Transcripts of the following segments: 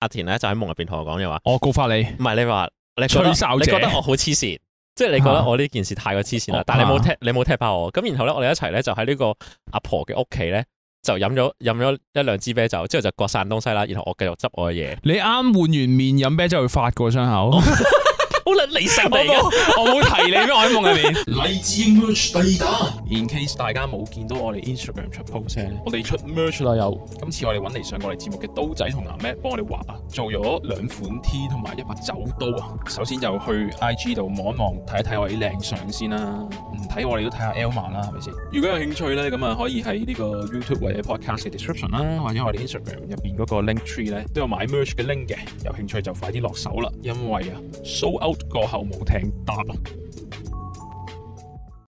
阿田咧就喺夢入邊同我講嘅話，我告發你，唔係你話你吹哨，你覺得我好黐線，即係你覺得我呢、啊、件事太過黐線啦，啊、但係你冇踢，你冇踢爆我，咁然後咧，我哋一齊咧就喺呢個阿婆嘅屋企咧，就飲咗飲咗一兩支啤酒，之後就割散東西啦，然後我繼續執我嘅嘢，你啱換完面飲啤酒去發個傷口。 好啦，你食嚟噶！ 我冇提你咩？我喺夢入面。嚟自 merch 第二彈，in case 大家冇見到我哋 Instagram 出 post 咧，我哋出 merch 啦！又今次我哋揾嚟上我哋節目嘅刀仔同藍咩幫我哋畫啊，做咗兩款 T 同埋一把酒刀啊！首先就去 IG 度望一望，睇一睇我哋啲靚相先啦。唔睇我哋都睇下 Elma 啦，係咪先？如果有興趣咧，咁啊可以喺呢個 YouTube 或者 Podcast description 啦，或者我哋 Instagram 入邊嗰個 link tree 咧都有買 merch 嘅 link 嘅。有興趣就快啲落手啦，因為啊，so 過後冇艇搭。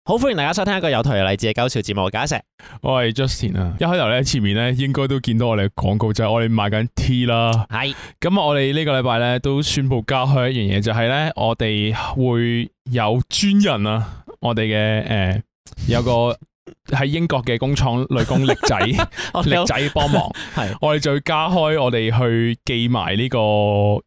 好歡迎大家收聽一個有台有例子嘅搞笑節目，賈石，我係 Justin 啊。一開頭咧，前面咧應該都見到我哋廣告就係、是、我哋賣緊 T 啦。係，咁我哋呢個禮拜咧都宣布加開一樣嘢，就係、是、咧我哋會有專人啊，我哋嘅誒有個。 喺英國嘅工廠女工力仔 力仔幫忙，係 是的 我哋再加開我哋去寄埋呢個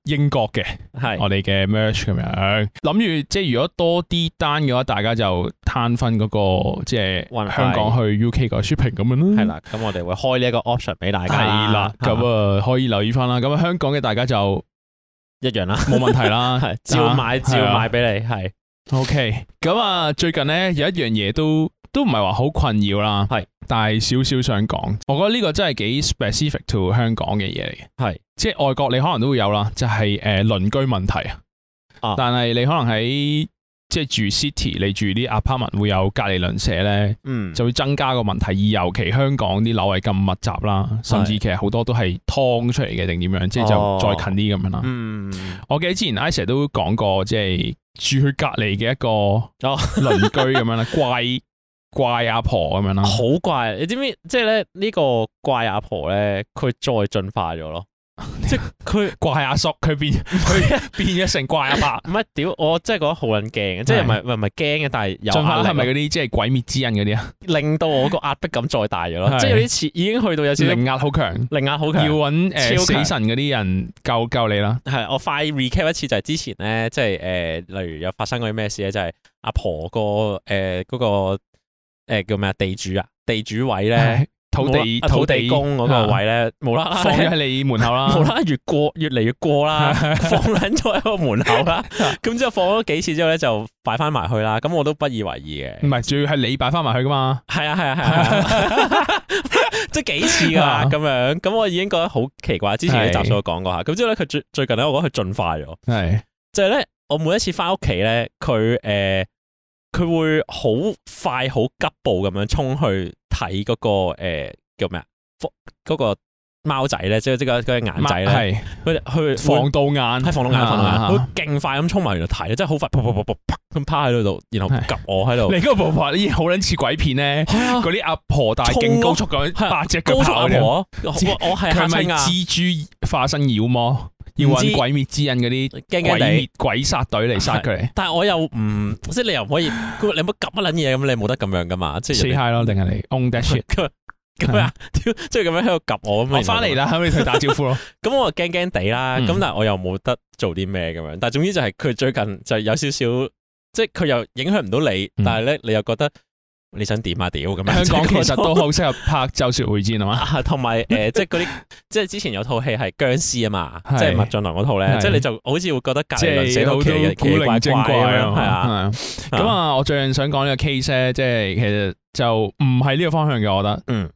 英國嘅，係是的 我哋嘅 merch 咁樣，諗住即係如果多啲單嘅話，大家就攤分嗰、那個即係香港去 UK 個 shipping 咁樣啦。係啦，咁我哋會開呢一個 option 俾大家。係啦、啊，咁的啊就可以留意翻啦。咁香港嘅大家就一樣啦，冇、啊、 問題啦，係 的照買照買俾你。係的 OK，咁啊最近咧有一樣嘢都。都唔係話好困擾啦，係是，但係少少想講，我覺得呢個真係幾 specific to 香港嘅嘢嚟嘅，係是，即係外國你可能都會有啦，就係、是、誒鄰居問題啊，但係你可能喺即係住 city，你住啲 apartment 會有隔離鄰舍咧，嗯，就會增加個問題，而尤其香港啲樓係咁密集啦，甚至其實好多都係劏出嚟嘅定點樣，是哦、即係就再近啲咁樣啦。嗯，我記得之前 Isla 都講過，即、就、係、是、住佢隔離嘅一個哦鄰居咁樣啦，怪、嗯。哦 怪阿婆咁樣啦，好怪！你知唔知即係咧呢個怪阿婆咧，佢再進化咗咯，即係佢怪阿叔，佢變佢變咗成怪阿伯。唔係屌，我真係覺得好捻驚，即係唔係唔係驚嘅，但係進化係咪嗰啲即係鬼滅之刃嗰啲啊？令到我個壓迫感再大咗咯，即係有啲似已經去到有少少靈壓好強，靈壓好強，要揾超死神嗰啲人救救你啦。係我快 recap 一次就係之前咧，即係誒，例如有發生過啲咩事咧，就係阿婆個誒個。誒，叫咩啊？地主啊，地主位咧，土地土地公嗰個位咧，啊、無啦啦放喺你門口啦，無啦啦越過越嚟越過啦， 放撚咗喺個門口啦。咁 之後放咗幾次之後咧，就擺翻埋去啦。咁我都不以為意嘅。唔係，仲要係你擺翻埋去噶嘛？係啊，係啊，係啊，即係、啊、 幾次噶咁樣。咁我已經覺得好奇怪。之前啲集數講過下，咁是之後咧佢最最近咧，我覺得佢進化咗。係。即係咧，我每一次翻屋企咧，佢誒。呃佢會好快好急步咁樣衝去睇嗰個誒叫咩啊？嗰個貓仔咧，即係即隻眼仔咧，佢去防盜眼，喺防盜眼，佢勁快咁衝埋嚟度睇，即係好快，啪啪啪啪咁趴喺度，然後夾我喺度。你嗰個步伐咦，好撚似鬼片咧！嗰啲 阿婆大勁高速咁八隻腳爬婆，我我係係咪蜘蛛化身妖魔？要搵鬼滅之刃嗰啲驚鬼滅鬼殺隊嚟殺佢，但係我又唔，即係你又唔可以，你有冇夾一捻嘢咁？你冇得咁樣噶嘛？即係死 hi 咯，定係你。own shit 佢咩啊？即係咁樣喺度夾我咁。我翻嚟啦，可同去打招呼咯。咁我驚驚地啦，咁但係我又冇得做啲咩咁樣。但係總之就係佢最近就有少少，即係佢又影響唔到你，但係咧你又覺得。你想點啊屌咁樣？香港其實都好適合拍咒術迴戰啊嘛，同埋誒，即係嗰啲，即係之前有套戲係僵屍啊嘛，即係《麥浚龍》嗰套咧，即係你就好似會覺得隔年寫到好嘅、古靈精怪啊，係啊。咁啊，我最近想講呢個 case 咧，即係其實就唔係呢個方向嘅，我覺得，嗯，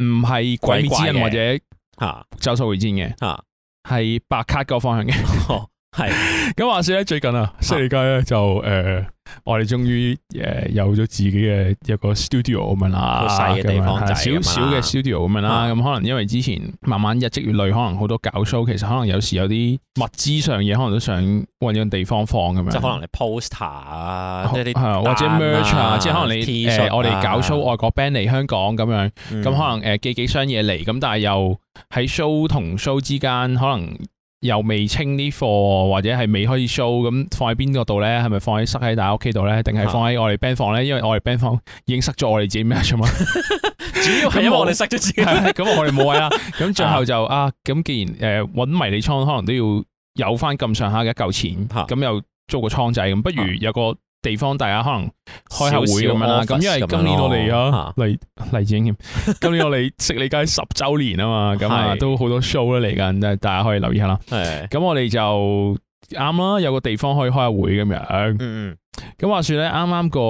唔唔係鬼片或者吓咒術迴戰嘅吓，係白咭嗰個方向嘅。係咁話說咧，最近啊，西麗街咧就誒，我哋終於誒有咗自己嘅一個 studio 咁樣啦，細嘅地方就係，少少嘅 studio 咁樣啦。咁可能因為之前慢慢日積月累，可能好多搞 show，其實可能有時有啲物資上嘢，可能都想搵個地方放咁樣，即可能你 poster 啊，或者 merch 啊，即係可能你誒，我哋搞 show 外國 band 嚟香港咁樣，咁可能誒寄幾箱嘢嚟，咁但係又喺 show 同 show 之間可能。又未清啲貨，或者係未可以 show，咁放喺邊個度咧？係咪放喺塞喺大家屋企度咧？定係放喺我哋 band 房咧？因為我哋 band 房已經塞咗我哋自己咩咗嘛？ 主要係因為我哋塞咗自己我。咁 我哋冇位啦。咁 最後就啊，咁既然誒搵迷你倉，可能都要有翻咁上下嘅一嚿錢，咁 又租個倉仔，咁不如有個地方大家可能開下會咁樣啦，咁因為今年我哋啊，例例子經驗，今年我哋食你街十周年啊嘛，咁啊都好多 show 啦，嚟緊，誒，大家可以留意下啦。咁我哋就啱啦，有個地方可以開下會咁樣。嗯嗯。咁話說咧，啱啱個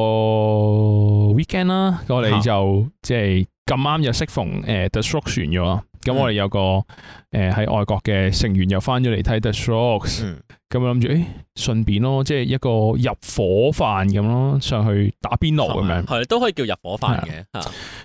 weekend 啦，我哋就即係咁啱又適逢誒 destruction 咗，咁我哋有個誒喺外國嘅成員又翻咗嚟睇 destruction 咁啊諗住誒，順便咯，即係一個入伙飯咁咯，上去打邊爐咁樣，係都可以叫入伙飯嘅。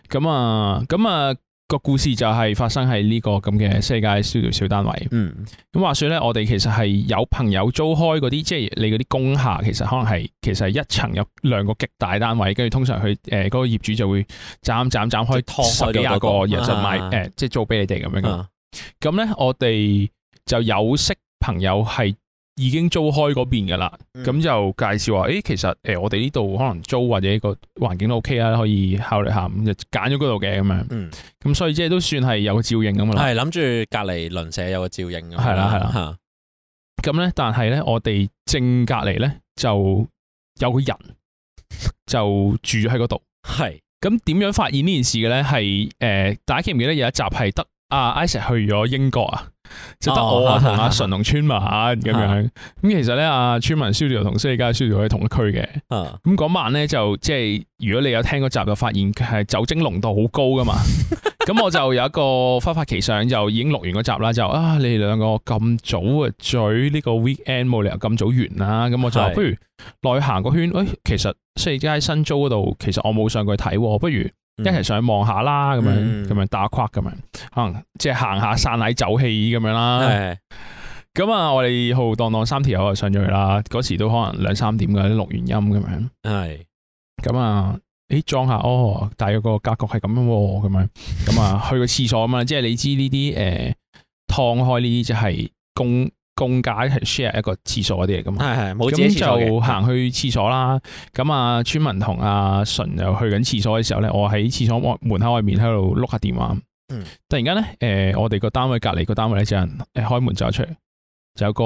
咁啊，咁啊、那個故事就係發生喺呢個咁嘅世界，小單位。嗯，咁話說咧，我哋其實係有朋友租開嗰啲，即、就、係、是、你嗰啲工廈，其實可能係其實一層有兩個極大單位，跟住通常佢誒嗰個業主就會斬斬斬開，十幾十個人、嗯嗯、就賣誒，即、呃、係、就是、租俾你哋咁樣嘅。咁咧、嗯，嗯、我哋就有識朋友係。已經租開嗰邊噶啦，咁、嗯、就介紹話，誒、欸，其實誒，我哋呢度可能租或者個環境都 OK 啦，可以考慮下，咁就揀咗嗰度嘅咁樣。嗯，咁所以即係都算係有個照應咁啊。係，諗住隔籬鄰舍有個照應。係啦，係啦。吓，咁咧的，但係咧，我哋正隔籬咧就有個人就住喺嗰度。係是，咁點樣發現呢件事嘅咧？係誒、呃，大家記唔記得有一集係得阿、啊、Isaac 去咗英國啊？就得我同阿純同村民咁樣，咁其實咧阿村民 studio 同蘇家 studio 喺同一區嘅，咁嗰、嗯嗯、晚咧就即係如果你有聽嗰集就發現佢係酒精濃度好高噶嘛，咁 我就有一個發發奇想就已經錄完嗰集啦，就啊你哋兩個咁早啊，早嘴呢、這個 weekend 冇理由咁早完啦、啊，咁我就是話不如。內行個圈，誒、哎，其實雖然喺新租嗰度，其實我冇上過去睇，啊，不如一齊上去望下啦，咁樣咁樣打垮咁樣，可能即係行下散奶走氣咁樣啦。咁啊，我哋浩浩蕩蕩三條友就上咗去啦，嗰時都可能兩三點嘅，啲錄完音咁樣。係是，咁啊，誒，裝下哦，大約個格局係咁樣，啊，咁樣，啊，咁啊，去個廁所啊嘛，即係 你知呢啲誒，劏、呃、開呢啲就係公。共架一齊 share 一個廁所嗰啲嚟噶嘛，咁就行去廁所啦。咁啊的，村民同阿純又去緊廁所嘅時候咧，我喺廁所外門口外面喺度碌下電話。嗯，突然間咧，誒、呃，我哋個單位隔籬個單位咧，有人誒開門走出嚟，就有個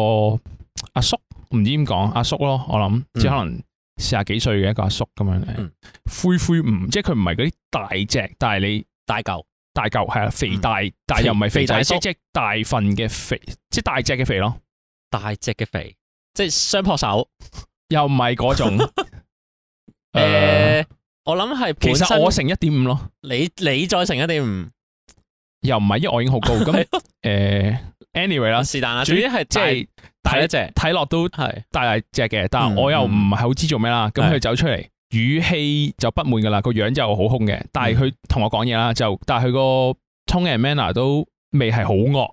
阿叔，唔知點講阿叔咯，我諗即係可能四十幾歲嘅一個阿叔咁樣嘅，嗯、灰灰唔，即係佢唔係嗰啲大隻，但係你大舊。大嚿係呀，肥大，但係又唔係肥大，即係大份嘅肥，即係大隻嘅肥咯。大隻嘅肥，即係雙膊手，又唔係嗰種。誒，我諗係其實我成一點五咯。你你再成一點五，又唔係，因為我已經好高咁。誒，anyway 啦，是但啦。主要係即係大一隻，睇落都係大大隻嘅，但係我又唔係好知做咩啦。咁佢走出嚟。語氣就不滿噶啦，個樣就好凶嘅。但係佢同我講嘢啦，就但係佢個 tone and manner 都未係好惡。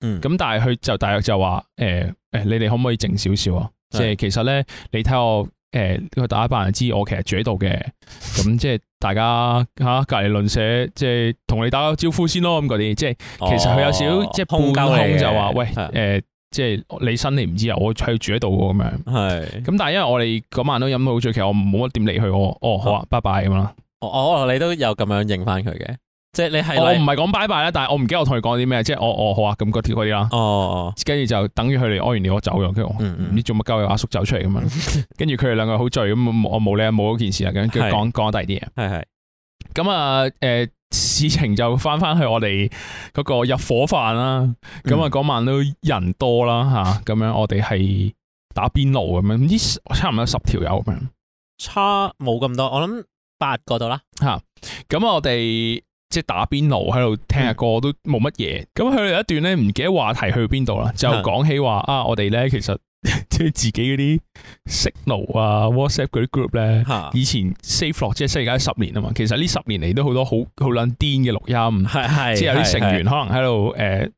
嗯，咁但係佢就大約就話，誒、呃、誒、呃，你哋可唔可以靜少少啊？是即係其實咧，你睇我誒，個、呃、大家辦人知，我其實住喺度嘅。咁即係大家吓、啊、隔籬鄰舍，即係同你打個招呼先咯。咁嗰啲即係其實佢有少、哦、即係半凶就話，欸、喂誒。呃即係你身你唔知啊，我出去住喺度嘅咁樣。係。咁但係因為我哋嗰晚都飲到好醉，其實我冇乜點理佢。我，哦，好啊，拜拜咁啦。哦，你都有咁樣認返佢嘅。即係你係我唔係講拜拜啦，但係我唔記得我同你講啲咩。即係我，我好啊，咁個貼嗰啲啦。哦。跟住就等於佢哋屙完尿我走咗，跟住我唔知做乜鳩嘢，阿叔走出嚟咁樣。跟住佢哋兩個好醉咁，我冇你冇嗰件事啊，咁跟住講講低啲嘢。係係。咁啊，誒。事情就翻翻去我哋嗰個入伙飯啦，咁啊嗰晚都人多啦吓，咁、嗯、樣我哋係打邊爐咁樣，唔知差唔多十條友咁樣，差冇咁多，我諗八個度啦。吓、嗯，咁我哋即係打邊爐喺度聽下歌都冇乜嘢，咁佢哋有一段咧唔記得話題去邊度啦，就講起話是的 啊，我哋咧其實。即係 自己嗰啲 signal 啊，WhatsApp 嗰啲 group 咧，啊、以前 save 落即係而家十年啊嘛，其實呢十年嚟都好多好好撚癲嘅錄音，係係，即係有啲成員可能喺度誒，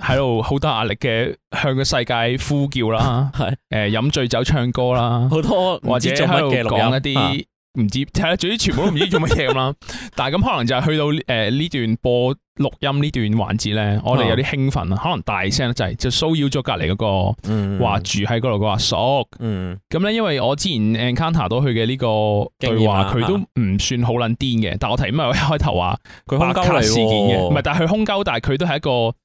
喺度好多壓力嘅向個世界呼叫啦，係誒是是、呃，飲醉酒唱歌啦，好多或者喺度講一啲。啊唔知係啦，總之全部都唔知做乜嘢咁啦。 但係咁可能就係去到誒呢段播錄音呢段環節咧，我哋有啲興奮啊，可能大聲就係就騷擾咗隔離嗰個話住喺嗰度嘅阿叔。咁咧，嗯、因為我之前 encounter 到佢嘅呢個對話，佢都唔算好撚癲嘅。啊、但係我提咁我一開頭話，佢白咭事件嘅，唔係，但係佢空溝，但係佢都係一個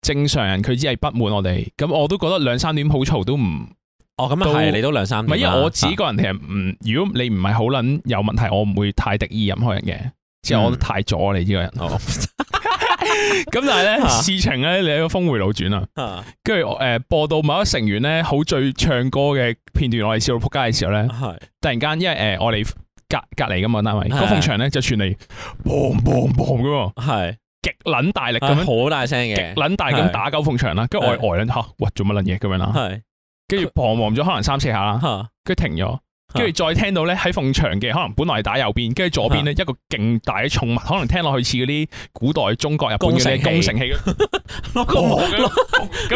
正常人，佢只係不滿我哋。咁我都覺得兩三點好嘈都唔～哦，咁啊係，你都兩三唔係，因為我自己個人其實，唔，如果你唔係好撚有問題，我唔會太敵意任何人嘅，即係我太阻你呢個人。咁但係咧，事情咧，你個峰回路轉啊，跟住誒播到某一成員咧好醉唱歌嘅片段，我哋笑到仆街嘅時候咧，係突然間，因為誒我哋隔隔籬噶嘛單位，嗰縫牆咧就傳嚟嘣嘣嘣噶喎，係極撚大力咁，好大聲嘅，極撚大咁打鳩縫牆啦，跟住我呆撚吓，哇做乜撚嘢咁樣啦？跟住彷徨咗可能三四下啦，跟住停咗，跟住再聽到咧喺逢牆嘅，可能本來係打右邊，跟住左邊咧一個勁大嘅重物，可能聽落去似嗰啲古代中國日本嘅咩攻城器，落個木落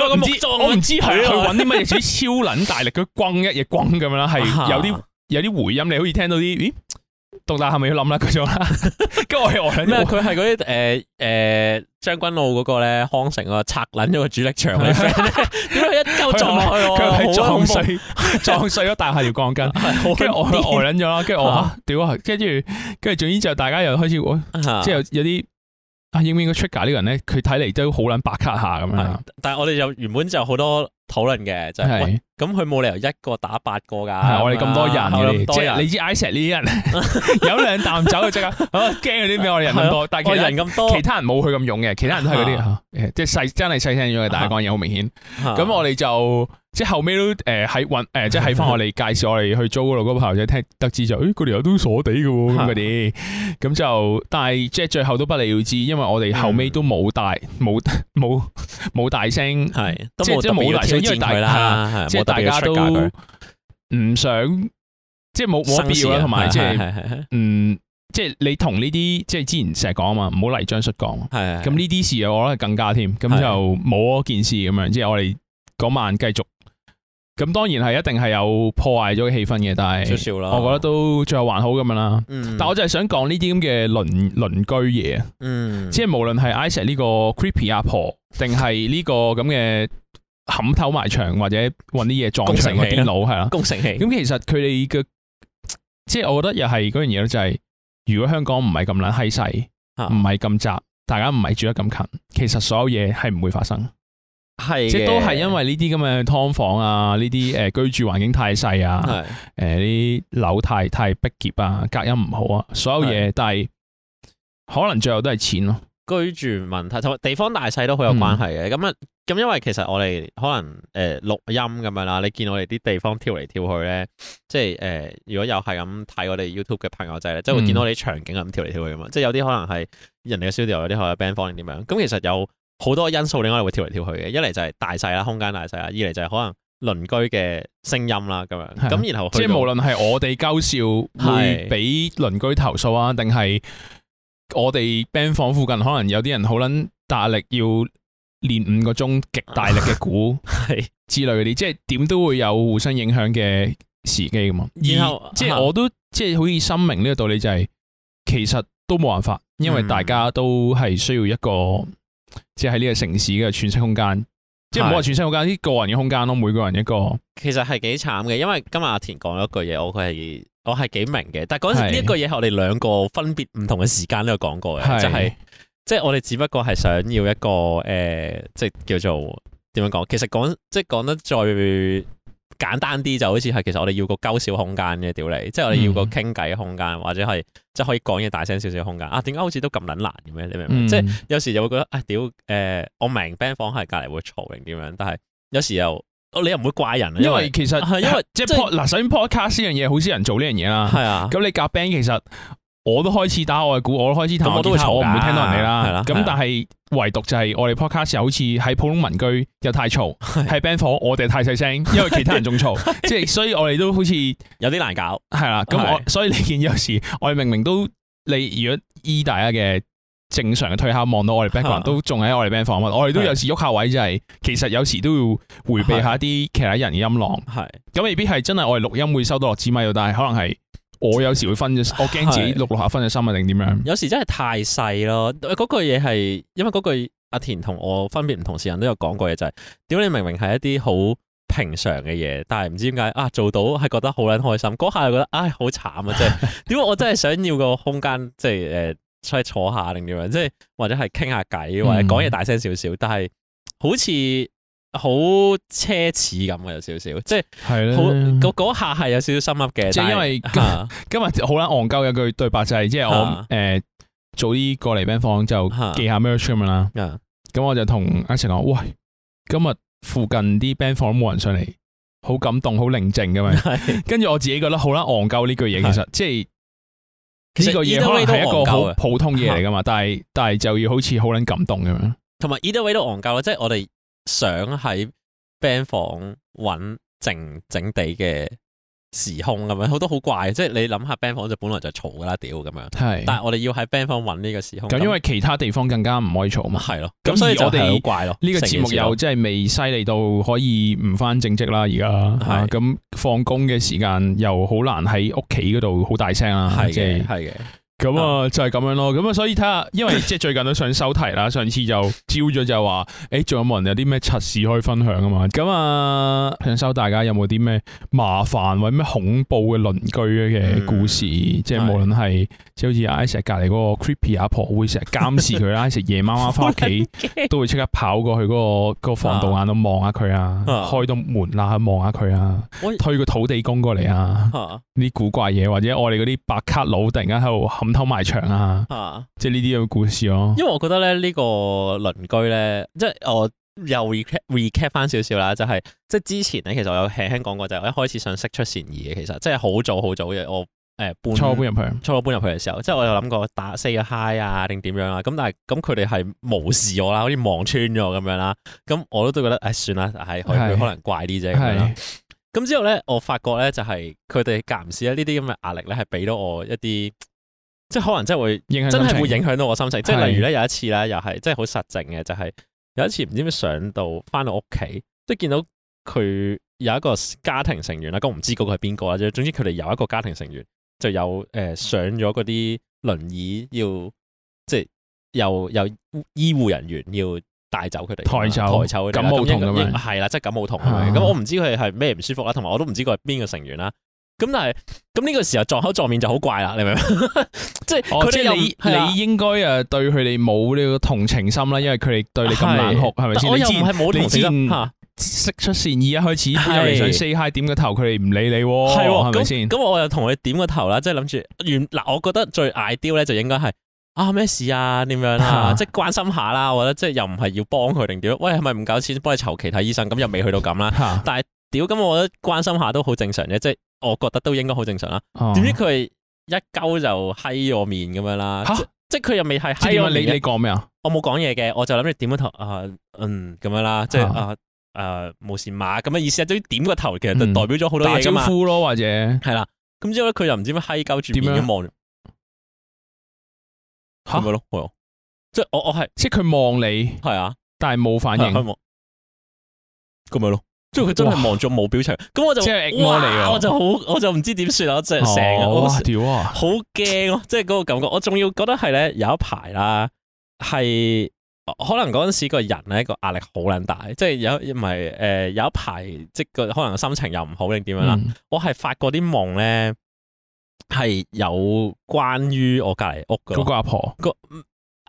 個木柱，我唔知佢，去揾啲乜嘢，超捻大力，佢轟一嘢轟咁樣啦，係有啲有啲回音，你好似聽到啲，咦？杜大係咪要諗啦嗰種啦？跟 住我又我忍咗，佢係嗰啲誒誒將軍澳嗰個咧康城、嗰個拆捻咗個主力場， 撞佢係 撞碎撞碎咗，但係條鋼筋，跟住我我忍咗，跟住我屌，啊，跟住跟住，總之就大家又開始，即係有啲阿應唔應該出街呢個人咧，佢睇嚟都好捻白卡下咁樣。 但係我哋就原本就好多。討論嘅，就係咁，佢冇理由一個打八個㗎，我哋咁多人嘅，即係你知 Ish 呢啲人有兩啖酒就即刻好驚嗰啲咩，我哋人咁多，但係其他人冇佢咁勇嘅，其他人都係嗰啲吓，即係細真係細聲咗嘅，但係講嘢好明顯。咁我哋就即係後尾都誒喺運誒，即係喺翻我哋介紹我哋去租嗰度嗰個朋友仔聽得知就，誒嗰條友都傻地嘅喎咁嘅啲，咁就但係即係最後都不了了之，因為我哋後尾都冇帶冇冇。冇大聲，係即係即係冇嚟挑戰佢啦大、啊，即係大家都唔想，即係冇冇必要啦，同埋即係嗯，即、就、係、是、你同呢啲即係之前成日講啊嘛，唔好嚟泥漿摔角，係咁呢啲事我覺得更加添，咁就冇嗰件事咁樣，即係對我哋嗰晚繼續。咁當然係一定係有破壞咗嘅氣氛嘅，但係少少啦。我覺得都最後還好咁樣啦。嗯、但我就係想講呢啲咁嘅鄰鄰居嘢，嗯、即係無論係 Isaac 呢個 creepy 阿婆，定係呢個咁嘅冚頭埋牆或者搵啲嘢撞牆嘅電腦係啦、啊，攻城器。咁、啊、其實佢哋嘅即係我覺得又係嗰樣嘢就係、是、如果香港唔係咁撚閪細，唔係咁窄，啊、大家唔係住得咁近，其實所有嘢係唔會發生。係是即都係因為呢啲咁嘅劏房啊，呢啲誒居住環境太細啊，誒啲樓太太逼仄啊，隔音唔好啊，所有嘢，是的 但係可能最後都係錢咯、啊。居住問題同埋地方大細都好有關係嘅。咁咁、嗯、因為其實我哋可能誒錄、呃、音咁樣啦，你見我哋啲地方跳嚟跳去咧，即係誒、呃，如果又係咁睇我哋 YouTube 嘅朋友仔咧，即係會見到我哋啲場景咁跳嚟跳去咁嘛，嗯、即係有啲可能係人哋嘅 studio，有啲可能 band 房定點樣，咁其實有。好多因素你可能會跳嚟跳去嘅，一嚟就係大細啦，空間大細啦；二嚟就係可能鄰居嘅聲音啦，咁樣。咁的然後即係無論係我哋鳩笑會俾鄰居投訴啊，定係是的 我哋 band 房附近可能有啲人好捻大力要練五個鐘極大力嘅鼓，係 是的 之類嗰啲，即係點都會有互相影響嘅時機噶嘛。然後而即係是的 我都即係好似深明呢個道理、就是，就係其實都冇辦法，因為大家都係需要一個。嗯嗯即係呢個城市嘅喘息空間，是即係唔好話喘息空間，啲個人嘅空間咯，每個人一個。其實係幾慘嘅，因為今日阿田講咗句嘢，我佢係我係幾明嘅。但嗰時呢句嘢係是我哋兩個分別唔同嘅時間都有講過嘅是、就是，就係即係我哋只不過係想要一個誒、呃，即係叫做點樣講？其實講即係講得再。簡單啲就好似係，其實我哋要個鳩少空間嘅屌你，即、就、係、是、我哋要個傾偈空間，嗯、或者係即係可以講嘢大聲少少空間啊？點解好似都咁撚難嘅咩？你明唔明？嗯、即係有時就會覺得啊、哎，屌誒、呃，我明 band 房係隔離會嘈定點樣，但係有時又、哦、你又唔會怪人，因為，因為其實因為即係嗱，首先 podcast 呢樣嘢好少人做呢樣嘢啦，係是啊，咁你夾 band 其實。我都開始打我嘅鼓，我都開始探我都會坐，我唔會聽到人哋啦。咁但係唯獨就係我哋 podcast，好似喺普通民居又太嘈，喺 band 房我哋太細聲，因為其他人仲嘈。即係所以我哋都好似有啲難搞。係啦，咁我所以你見有時我哋明明都你如果依大家嘅正常嘅退下望到我哋 background 都仲喺我哋 band 房，我哋都有時喐下位，就係其實有時都要回避下一啲其他人嘅音浪。係咁未必係真係我哋錄音會收到落支咪但係可能係。我有時會分嘅，我驚自己六六下分咗心啊，定點樣？ 有時真係太細咯。嗰句嘢係，因為嗰句阿田同我分別唔同時間都有講過嘢，就係、是、屌你明明係一啲好平常嘅嘢，但係唔知點解啊做到係覺得好撚開心，嗰下又覺得唉好、哎、慘啊！即係點解我真係想要個空間，即係誒出去坐下定點樣，即係或者係傾下偈，或者講嘢大聲少少，嗯、但係好似。好奢侈咁嘅有少少，即係係咧，嗰下一係有少少心泣嘅。即係因為今日好啦，戇鳩有句對白就係，即係我誒早啲過嚟 band 房就記下咩 stream 啦。咁我就同阿成講，喂，今日附近啲 band 房冇人上嚟，好感動，好寧靜咁樣。跟住我自己覺得，好啦，戇鳩呢句嘢其實即係呢個嘢可能係一個好普通嘢嚟噶嘛，但係但係就要好似好捻感動咁樣。同埋 either way 位都戇鳩啦，即係我哋。想喺 band 房揾靜靜地嘅時空咁樣，好多好怪，即係你諗下 band 房就本來就嘈噶啦，屌咁樣。係的，但係我哋要喺 band 房揾呢個時空。咁因為其他地方更加唔可以嘈嘛。係咯的，咁而所以我哋好怪咯。呢個節目又即係未犀利到可以唔返正職啦，而家的。係，咁放工嘅時間又好難喺屋企嗰度好大聲啊。係嘅，啊，係嘅。咁啊，就係咁樣咯。咁啊，所以睇下，因為即係最近都想收題啦。 上次就招咗就話，誒、欸，仲有冇人有啲咩測試可以分享啊嘛？咁啊，想收大家有冇啲咩麻煩或者咩恐怖嘅鄰居嘅故事？嗯、即係無論係是即好似 I 石隔籬嗰個 creepy 阿婆會成日監視佢啦，I 石夜媽媽返屋企都會即刻跑過去嗰、嗰個、嗰個防盜眼度望下佢啊， 開到門啦望下佢啊，推個土地公過嚟啊，呢啲 古怪嘢，或者我哋嗰啲白咭佬突然間喺度偷埋牆啊，啊即係呢啲咁嘅故事咯、哦。因為我覺得咧，呢個鄰居咧，即係我又 recap r re 翻少少啦，就係即係之前咧，其實我有輕輕講過，就係我一開始想識出善意嘅，其實即係好早好早嘅。我誒，呃、搬初初搬入去，初搬入去嘅時候，即係我有諗過打 say hi 啊，定點樣啊。咁但係咁佢哋係無視我啦，好似望穿咗我咁樣啦。咁我都都覺得誒，算啦，係佢是可，可能怪啲啫。咁是是之後咧，我發覺咧，就係佢哋夾唔時咧，呢啲咁嘅壓力咧，係俾到我一啲。即係可能真係會影，真係會影響到我心情。即係例如咧，有一次咧，又係即係好實淨嘅，就係、是、有一次唔知咩上到翻到屋企，都見到佢有一個家庭成員啦。咁唔知嗰個係邊個啦，啫。總之佢哋有一個家庭成員就有誒、呃、上咗嗰啲輪椅要，要即係又有醫護人員要帶走佢哋。抬走抬走，感冒同咁樣係啦，即係感冒同咁樣。咁吧、嗯、我唔知佢係咩唔舒服啦，同埋我都唔知佢係邊個成員啦。咁但係咁呢個時候撞口撞面就好怪啦，你明唔明？即係佢哋，你應該誒對佢哋冇呢個同情心啦，因為佢哋對你咁冷酷，係咪先？我又唔係冇同情心，識出善意一開始，本來想 say hi 點個頭，佢哋唔理你，係咪先？咁我又同佢點個頭啦，即係諗住嗱，我覺得最嗌屌咧就應該係啊咩事啊，點樣啦，即係關心下啦。我覺得即係又唔係要幫佢定點？喂，係咪唔夠錢幫你籌其他醫生？咁又未去到咁啦。但係屌，咁我覺得關心下都好正常嘅，即係。我覺得都應該好正常啦，點知佢係一鳩就閪我面咁樣啦？即係佢又未係閪我面。你你講咩啊？我冇講嘢嘅，我就諗住點個頭啊，嗯咁樣啦，即係啊啊冇事嘛咁嘅意思，即係點個頭其實就代表咗好多嘢嘛。打招呼咯，或者係啦。咁之後咧，佢又唔知乜閪鳩住面咁望，咁咪咯。即係我我係，即係佢望你係啊，但係冇反應。咁咪咯。即係佢真係望住冇表情，咁我就哇，我就好哇，我就唔知點算啦，即係成日好啊，好驚咯，即係嗰個感覺。我仲要覺得係咧有一排啦，係可能嗰陣時個人咧個壓力好捻大，即係有唔係誒有一排即係個可能心情又唔好定點樣啦。嗯、我係發過啲夢咧係有關於我隔籬屋、嗯、個、嗰個阿婆個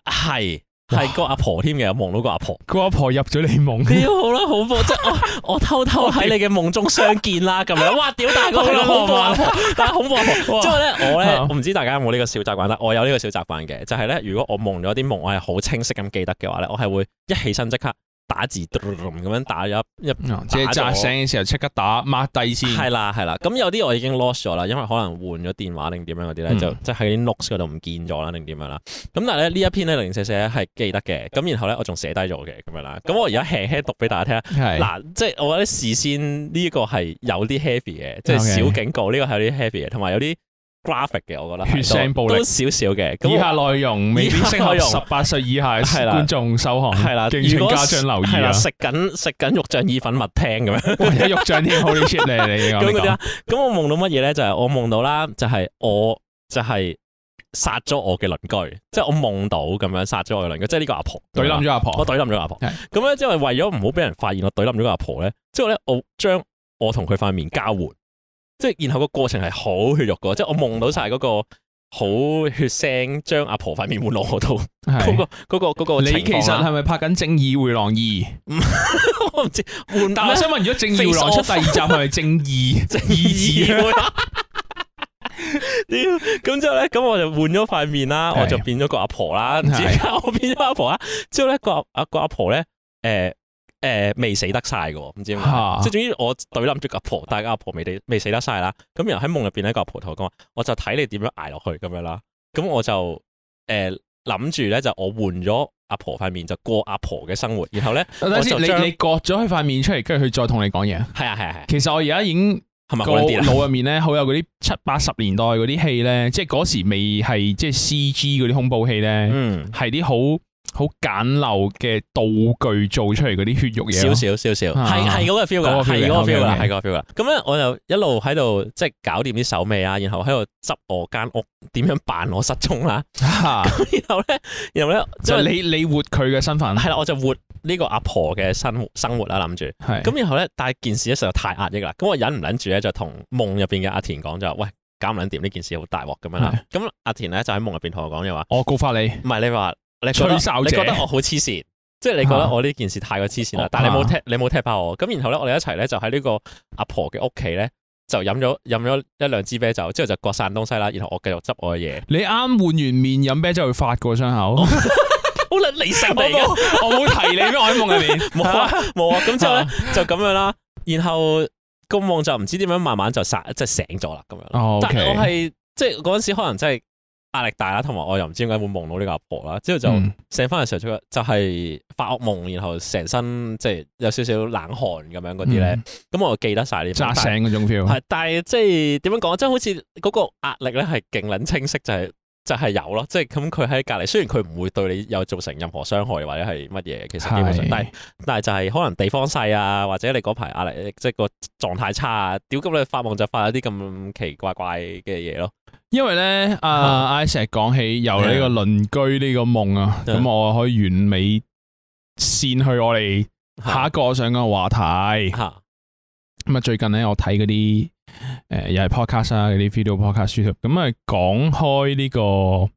係。係個阿婆添嘅，望到個阿婆，婆，個阿婆入咗你夢。屌好啦，恐怖啫！即係我 我偷偷喺你嘅夢中相見啦，咁樣哇！屌大哥，好 恐怖， 啊、婆婆但係恐怖。即係咧，我咧，唔知大家有冇呢個小習慣，但我有呢個小習慣嘅，就係咧，如果我夢咗啲夢，我係好清晰咁記得嘅話咧，我係會一起身即刻。打字咁樣打咗一即係炸聲嘅時候，即刻打抹低先。係啦、嗯，係、嗯、啦。咁有啲我已經 lost 咗啦，嗯嗯嗯嗯嗯、因為可能換咗電話定點樣嗰啲咧，Okay 就即係喺啲 notes 嗰度唔見咗啦，定點樣啦。咁但係咧呢一篇咧零零舍舍係記得嘅。咁然後咧我仲寫低咗嘅咁樣啦。咁我而家輕輕讀俾大家聽。嗱，即係我覺得事先呢個係有啲 heavy 嘅，即係小警告呢個係有啲 heavy 嘅，同埋有啲。graphic 嘅，我覺得血腥暴力少少嘅。小小以下內容未必適合十八歲以下，以下觀眾收看，係 啦，敬請家長留意、啊、啦。食緊食緊肉醬意粉，物聽咁樣。醬我喺肉醬添，好你出嚟嚟。咁咁我夢到乜嘢咧？就係、是、我夢到啦，就係、是、我就係殺咗我嘅鄰居，即係我夢到咁樣殺咗我嘅鄰居，即係呢個阿婆，懟冧咗阿婆，我懟冧咗阿婆。咁咧之後為咗唔好俾人發現我懟冧咗個阿婆咧，之後咧我將我同佢塊面交換。即係然後個過程係好血肉噶，即係我夢到晒嗰個好血腥，將阿婆塊面換落我度，嗰個個個。是這個、你其實係咪拍緊《正義回廊二 》？我唔知。但我想問，如果《正義回廊》出第二集係咪《正義 正義回廊 》？咁之後咧，咁我就換咗塊面啦，我就變咗個阿婆啦，唔知啊，我變咗阿婆啦。之後咧，個阿個阿婆咧，誒、呃。誒、呃、未死得曬嘅，唔知點解。即係、啊、總之我對諗住個阿婆，但係阿婆未未死得晒啦。咁然後喺夢入邊咧，個阿婆同我講話，我就睇你點樣捱落去咁樣啦。咁我就誒諗住咧，就、呃、我換咗阿婆塊面，就過阿婆嘅生活。然後咧，等先，你你割咗佢塊面出嚟，跟住佢再同你講嘢？係啊係係。啊啊啊、其實我而家已經係咪個腦入面咧，好有嗰啲七八十年代嗰啲戲咧， 即係嗰時未係即係 C G 嗰啲恐怖戲咧，嗯，係啲好。好簡陋嘅道具做出嚟嗰啲血肉嘢，少少少少，係係嗰個 feel 嘅，係嗰個 feel 啦，係嗰個 feel 啦。咁咧，我就一路喺度即係搞掂啲手尾啊，然後喺度執我間屋，點樣扮我失蹤啦。咁然後咧，然後咧，即係你你活佢嘅身份係啦，我就活呢個阿婆嘅生活生活啦，諗住。咁然後咧，但係件事咧實在太壓抑啦，咁我忍唔忍住咧，就同夢入邊嘅阿田講就話，喂，搞唔捻掂呢件事好大鑊咁樣啦。咁阿田咧就喺夢入邊同我講就話，我告發你，唔係你話。你吹覺得我好黐線，即係你覺得我呢件事太過黐線啦。啊、但係你冇踢，你冇踢爆我。咁然後咧，我哋一齊咧就喺呢個阿婆嘅屋企咧，就飲咗飲咗一兩支啤酒，之後就割散東西啦。然後我繼續執我嘅嘢。你啱換完面飲啤酒，去發個傷口，好難離神。我冇，我冇提你咩？我喺夢入面，冇啊，冇啊。咁就就咁樣啦。然後個夢就唔知點樣，慢慢就散，即、就、係、是、醒咗啦。咁樣。哦、嗯，但係我係即係嗰陣時，可能真係。壓力大啦，同埋我又唔知點解會夢到呢個阿婆啦。之後就醒翻嘅時候，就就係發惡夢，然後成身即係有少少冷汗咁樣嗰啲咧。咁、嗯、我就記得晒呢扎醒嗰種 feel。係，但係即係點樣講？即係好似嗰個壓力咧，係勁捻清晰，就係、是。就係有咯，即係咁，佢喺隔籬，雖然佢唔會對你有造成任何傷害或者係乜嘢，其實基本上，是 但係但係就係可能地方細啊，或者你嗰排壓力即係個狀態差啊，屌，咁你發夢就發咗啲咁奇怪怪嘅嘢咯。因為咧，阿 I 成日講起由呢個鄰居呢個夢啊，咁我可以完美線去我哋下一個想講嘅話題。咁啊，啊啊最近咧我睇嗰啲。誒、呃，又係 podcast 啊，嗰啲 video podcast 書貼、嗯，咁啊講開呢、這個，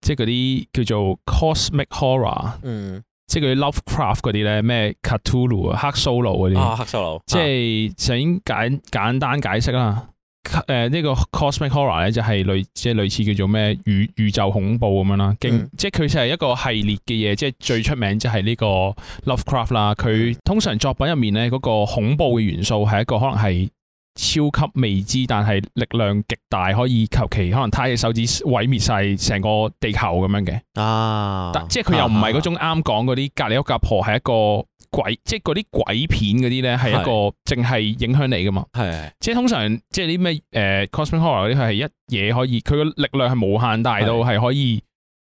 即係嗰啲叫做 cosmic horror，嗯，即係啲 Lovecraft 嗰啲咧，咩 Cthulhu 啊、黑 solo 嗰啲，黑 solo，即係想簡簡單解釋啦，誒、啊呃這個、呢個 cosmic horror 咧就係、是、類即係類似叫做咩宇宇宙恐怖咁樣啦，嗯、即係佢就係一個系列嘅嘢，即係最出名即係呢個 Lovecraft 啦，佢通常作品入面咧嗰、那個恐怖嘅元素係一個可能係。超級未知，但係力量極大，可以求其可能他嘅手指毀滅晒成個地球咁樣嘅啊。即係佢又唔係嗰種啱講嗰啲。《隔籬屋架婆》係一個鬼，即係嗰啲鬼片嗰啲咧，係一個淨係影響你噶嘛。係即係通常即係啲咩誒《Cosmic Horror》嗰啲，係一嘢可以佢個力量係無限大到係可以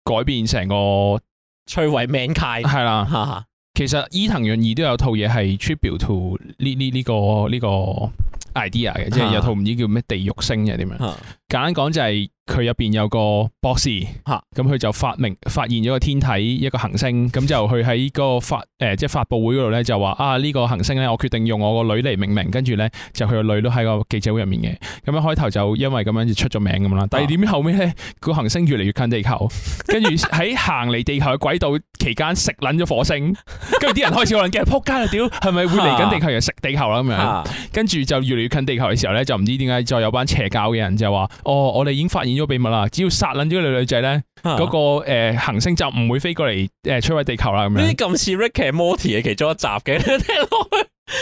改變成個摧毀 mankind。係啦，其實《伊藤潤二》都有套嘢係 tribute to 呢呢呢個呢個。idea 嘅， 即係有套唔知叫咩地獄星，定係點樣。 簡單講就係佢入邊有個博士，咁佢哈就發明發現咗個天體，一個行星，咁就佢喺個發誒、呃、即係發佈會嗰度咧就話啊呢、這個行星咧，我決定用我個女嚟命名。跟住咧就佢個女都喺個記者會入面嘅，咁樣開頭就因為咁樣就出咗名咁啦。但點知後尾咧，那個行星越嚟越近地球，跟住喺行嚟地球嘅軌道期間食撚咗火星，跟住啲人開始可能驚扑街啦，屌係咪會嚟緊地球又食哈地球啦，啊，咁樣，跟住，哈哈就越嚟越近地球嘅時候咧就唔知點解再有班邪教嘅人就話。哦，我哋已經發現咗秘密啦！只要殺撚咗個女女仔咧，嗰個誒行星就唔會飛過嚟誒摧毀地球啦。咁樣呢啲咁似 Rick and Morty 嘅，這這 Mort 其中一集嘅，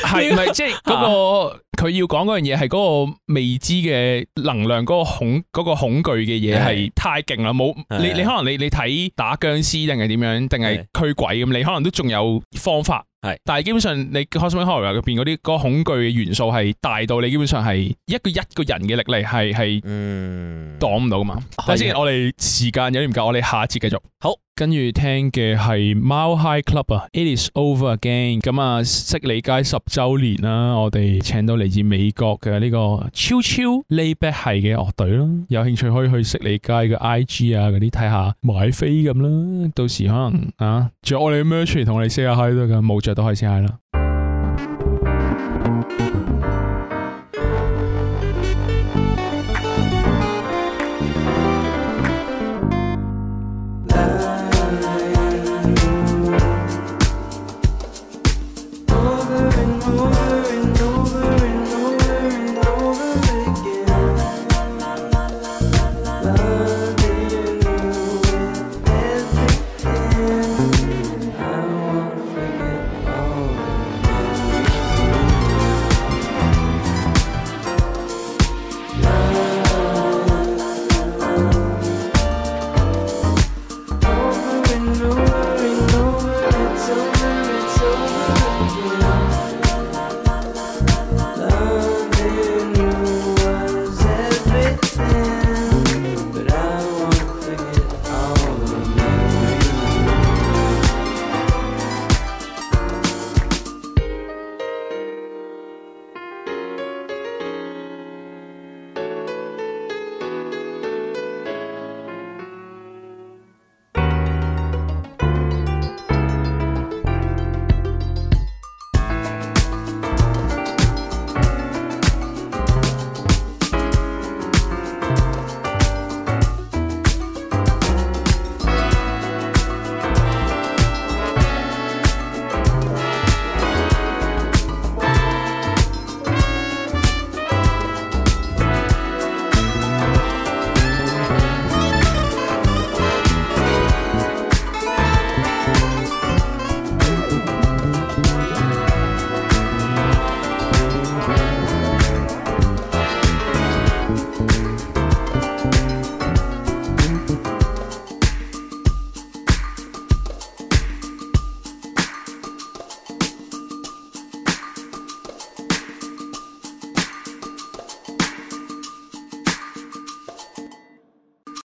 係 咪即係嗰、嗰個佢、啊、要講嗰樣嘢係嗰個未知嘅能量，嗰個恐嗰、嗰個恐懼嘅嘢係太勁啦！冇的你你可能你你睇打僵屍定係點樣，定係驅鬼咁，你可能都仲有方法。係，是但係基本上你那那《House Horror》入邊嗰啲個恐懼嘅元素係大到你基本上係一個一個人嘅力嚟係係，嗯，擋唔到噶嘛？睇先，嗯，我哋時間有啲唔夠，我哋下一節繼續。好，好跟住聽嘅係《Mild High Club》啊，《It Is Over Again》咁啊，悉尼街十周年啦，啊，我哋請到嚟自美國嘅呢個超超 Laid Back 係嘅樂隊咯，有興趣可以去悉尼街嘅 IG 啊啲睇下買飛咁啦，到時可能 啊，仲我哋 merch 同我哋 say 下 hi 得噶，冇。就都可以試下啦。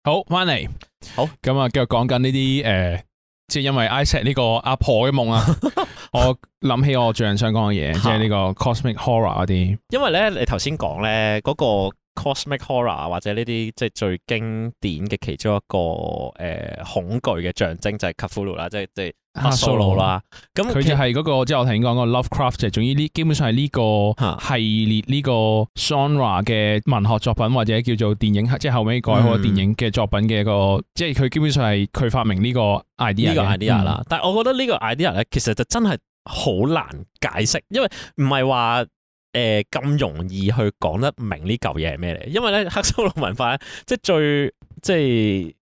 好，翻嚟好，咁啊、嗯，繼續講緊呢啲誒，即係因為《Isaac》呢個阿婆嘅夢啊， 我諗起我最近想講嘅嘢，即係呢個《Cosmic Horror》嗰啲。因為咧，你頭先講咧嗰個《Cosmic Horror》，或者呢啲即係最經典嘅其中一個誒、呃、恐懼嘅象徵，就係卡夫盧啦，即係即係。黑蘇魯啦，咁佢、啊、就係嗰、那個，實即係我頭先講個 Lovecraft，就係總之呢，基本上係呢個系列呢個 genre 嘅文學作品或者叫做電影，即係後尾改好電影嘅作品嘅一個，嗯、即係佢基本上係佢發明呢個 idea 呢個 idea 啦。嗯、但係我覺得呢個 idea 咧，其實就真係好難解釋，因為唔係話誒咁容易去講得明呢嚿嘢係咩嚟，因為咧黑蘇魯文化咧，即係最即係。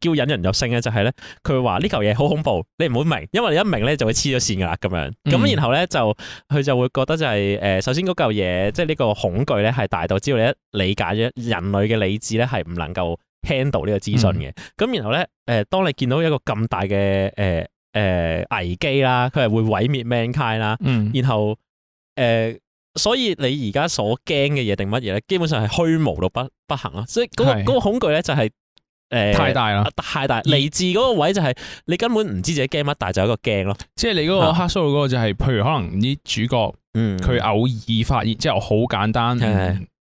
叫引人入勝嘅就係咧，佢話呢嚿嘢好恐怖，你唔會明，因為你一明咧就會黐咗線噶啦咁樣。咁、嗯、然後咧就佢就會覺得就係、是、誒、呃，首先嗰嚿嘢即係呢個恐懼咧係大到只要你一理解咗人類嘅理智咧係唔能夠 handle 呢個資訊嘅。咁、嗯、然後咧誒、呃，當你見到一個咁大嘅誒誒危機啦，佢係會毀滅 mankind 啦。嗯、然後誒、呃，所以你而家所驚嘅嘢定乜嘢咧？基本上係虛無到不不行啊。所以嗰、那個、那個那個恐懼咧就係、是。呃、太大啦！太大，嚟自嗰個位就係你根本唔知自己驚乜，但係就有一個驚咯。即係你嗰個黑 show 嗰個就係、是，嗯、譬如可能啲主角，佢、嗯、偶爾發現，嗯、即係好簡單，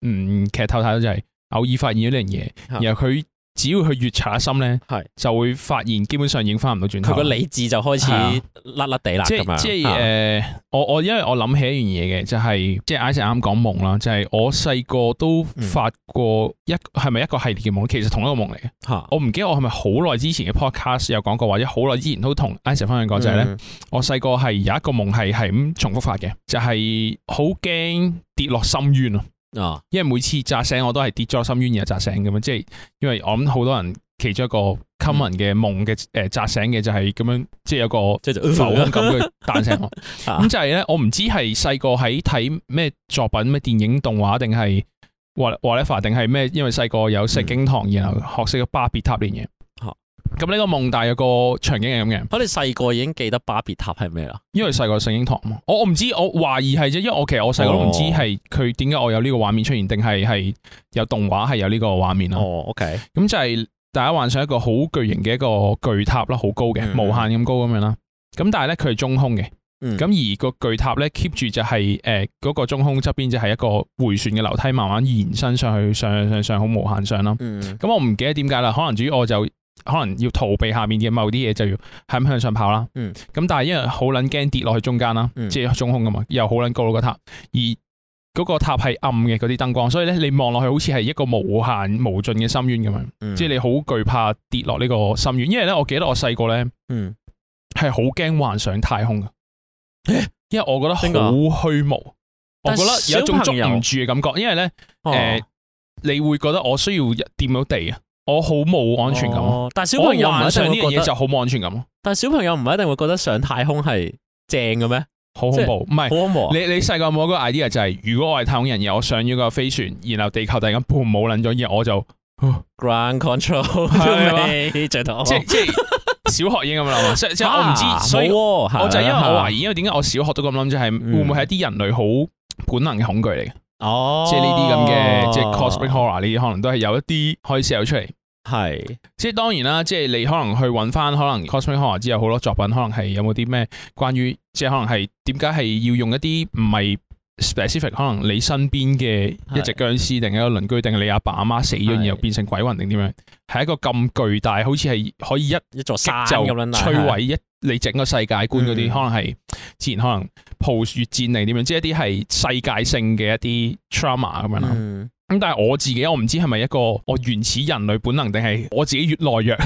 嗯，劇、嗯、透太多就係偶爾發現咗呢樣嘢，嗯、然後佢。只要佢越查得深咧，是就會發現基本上已經返唔到轉頭，佢個理智就開始甩甩地啦。即即係誒，我我因為我諗起一樣嘢嘅，就係即係 Ice 啱啱講夢啦，就係、是就是、我細個都發過一係咪、嗯、一個系列嘅夢，其實同一個夢嚟嘅。是啊、我唔記得我係咪好耐之前嘅 Podcast 有講過，或者好耐之前都同 Ice 分享過，就係咧，我細個係有一個夢係係咁重複發嘅，就係好驚跌落深淵啊！啊！因為每次扎醒我都係跌咗深淵，然後扎醒咁樣，即係因為我諗好多人其中一個 common 嘅夢嘅誒，扎醒嘅就係咁樣，嗯、即係有個浮空感嘅彈醒我。咁就係咧，我唔知係細個喺睇咩作品、咩電影、動畫定係《Wall-E》Wall-E 定係咩？因為細個有聖經堂，然後學識咗巴別塔呢樣嘢。咁呢個夢，大有個場景係咁嘅。我哋細個已經記得巴別塔係咩啦？因為細個聖經堂嘛。我我唔知，我懷疑係啫，因為我其實我細個都唔知係佢點解我有呢個畫面出現，定係係有動畫係有呢個畫面咯。哦，OK。咁就係大家幻想一個好巨型嘅一個巨塔啦，好高嘅，無限咁高咁樣啦。咁、嗯、但係咧，佢係中空嘅。嗯。咁而個巨塔咧，keep 住就係誒嗰個中空側邊就係一個回旋嘅樓梯，慢慢延伸上去，上去上去上好無限上啦。嗯。咁我唔記得點解啦，可能主要我就。可能要逃避下面嘅某啲嘢，就要係向上跑啦。咁、嗯、但係因為好捻驚跌落去中間啦，嗯、即係中空噶嘛，又好捻高嗰個塔，而嗰個塔係暗嘅嗰啲燈光，所以咧你望落去好似係一個無限無盡嘅深淵咁樣，嗯、即係你好懼怕跌落呢個深淵。因為咧，我記得我細個咧係好驚幻想太空嘅，嗯、因為我覺得好虛無，哥我覺得有一種捉唔住嘅感覺。因為咧，誒、呃，嗯、你會覺得我需要掂到地啊。我好冇安全感，但係小朋友唔係上呢個嘢就好冇安全感。但係小朋友唔係一定會覺得上太空係正嘅咩？好恐怖，唔係好恐怖？你你細個有冇個 idea 就係如果我係太空人，然後我上咗個飛船，然後地球突然間半冇楞咗，而我就 ground control，即係即係小學已經咁諗，即我唔知，我就因為我懷疑，因為點解我小學都咁諗，就係會唔會係一啲人類好本能嘅恐懼嚟嘅？哦，即係呢啲咁嘅，即係 cosmic horror 呢啲可能都係有一啲可以 sell 出嚟。係是，即係當然啦，即係你可能去揾翻可能 cosmic horror 之後好多作品，可能係有冇啲咩關於，即係可能係點解係要用一啲唔係 specific，可能你身邊嘅一隻僵屍，定係一個鄰居，定你阿爸阿媽死咗，是然後變成鬼魂，定點樣，係一個咁巨大，好似係可以一一座山咁摧毀一。你整個世界觀嗰啲，可能係自然，可能抱越戰定點樣，即係一啲係世界性嘅一啲 trauma 咁樣啦、嗯。咁但係我自己，我唔知係咪一個我原始人類本能，定係我自己越懦弱，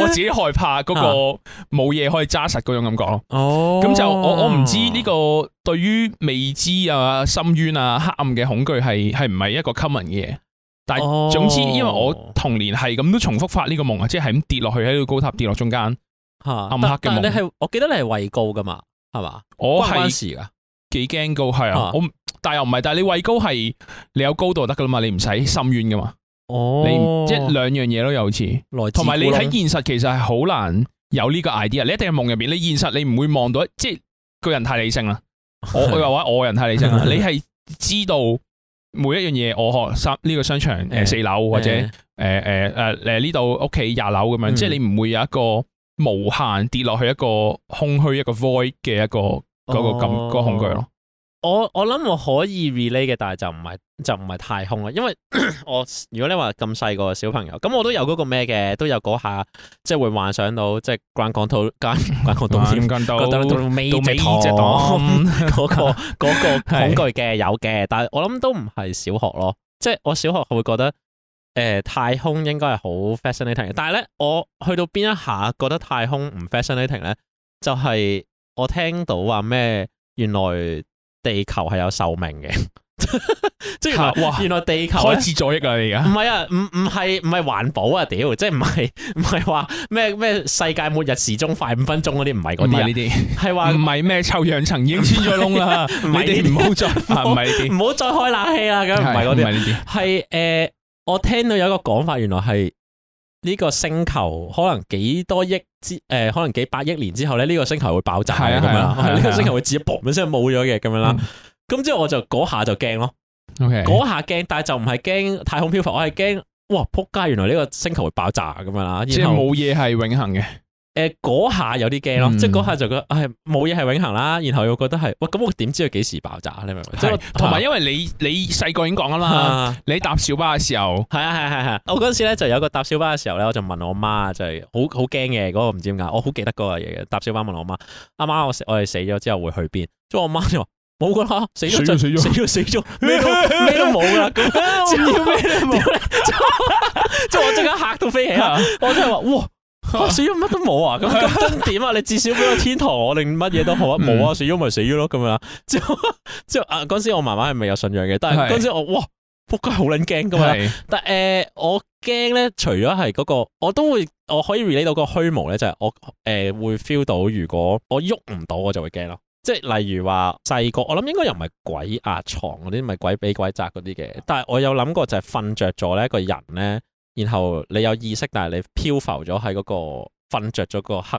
我自己害怕嗰個冇嘢可以揸實嗰種感覺咯。哦，咁就我我唔知呢個對於未知啊深淵啊黑暗嘅恐懼係係唔係一個 common 嘅嘢。但係總之，因為我童年係咁都重複發呢個夢啊，即係咁跌落去喺個高塔跌落中間。吓，暗黑嘅，你係，我記得你係畏高噶嘛，係嘛？我關事噶，幾驚高係啊！啊我但又唔係，但係你畏高係你有高度就得噶啦嘛，你唔使深遠噶嘛。哦，你即係兩樣嘢咯，有好似同埋你喺現實其實係好難有呢個 idea，你一定係夢入邊，你現實你唔會望到，即係個人太理性啦。 我又話我人太理性啦， 你係知道每一樣嘢，我學呢、這個商場誒四樓或者誒誒誒誒呢度屋企廿樓咁樣，即係、嗯、你唔會有一個。無限跌落去一個空虛一個 void 嘅一個嗰個感、oh，個恐懼咯。我我諗我可以 relate 嘅，但係就唔係就唔係太空啦。因為 我如果你話咁細個嘅小朋友，咁我都有嗰個咩嘅，都有嗰下即係會幻想到即係關港套，關關港東遷關東都未未嘅港個、嗰個恐懼嘅有嘅，但係我諗都唔係小學咯。即係我小，小學會覺得。誒，太空應該係好 fascinating 嘅，但係咧，我去到邊一下覺得太空唔 fascinating 咧？就係我聽到話咩，原來地球係有壽命嘅，即係原來地球開始咗益啦，而家唔係啊，唔唔係唔係環保啊，屌，即係唔係唔係話咩咩世界末日時鐘快五分鐘嗰啲，唔係嗰啲，呢啲，係話唔係咩臭氧層已經穿咗窿啦，你哋唔好再唔係唔好再開冷氣啦，咁唔係嗰啲，啲，係誒。我聽到有一個講法，原來係呢個星球可能幾多億之誒、呃，可能幾百億年之後咧，呢個星球會爆炸咁樣，呢個星球會自己爆咁先冇咗嘅咁樣啦。咁、嗯、之後我就嗰下就驚咯，嗰 Okay 下驚，但係就唔係驚太空漂浮，我係驚哇撲街，原來呢個星球會爆炸咁樣啦，然後冇嘢係永恆嘅。誒，嗰、呃、下有啲驚咯，嗯、即係嗰下就覺得，係冇嘢係永恒啦。然後又覺得係，哇咁我點知佢幾時爆炸？你明唔明？即係同埋因為你你細個已經講啊嘛？啊你搭小巴嘅時候，係啊係係係。我嗰次咧就有個搭小巴嘅時候咧，我就問我媽，就係好好驚嘅嗰個唔知點解，我好記得嗰個嘢嘅。搭小巴問我媽，阿媽我我哋死咗之後會去邊？即我媽就話冇噶啦，死咗死咗死咗死咗，咩都咩都冇啦。咁咩都冇咧？即係我即刻吓到飛起啊！我真係話，哇！死咗乜都冇啊？咁咁點啊？你至少俾個天堂我，定乜嘢都好 啊，冇 啊，死咗咪死咗咯咁樣。之後之後啊，嗰時我媽媽係咪有信仰嘅？但係嗰時我哇，仆街好撚驚噶嘛？是但係誒、呃，我驚咧，除咗係嗰個，我都會我可以 real 到個虛無咧，就係、是、我誒、呃、會 feel 到，如果我喐唔到，我就會驚咯。即、就、係、是、例如話細個，我諗應該又唔係鬼壓、啊、床嗰啲，咪鬼俾鬼砸嗰啲嘅。但係我有諗過就係瞓着咗咧，個人咧。然後你有意識，但係你漂浮咗喺嗰個瞓着咗個黑，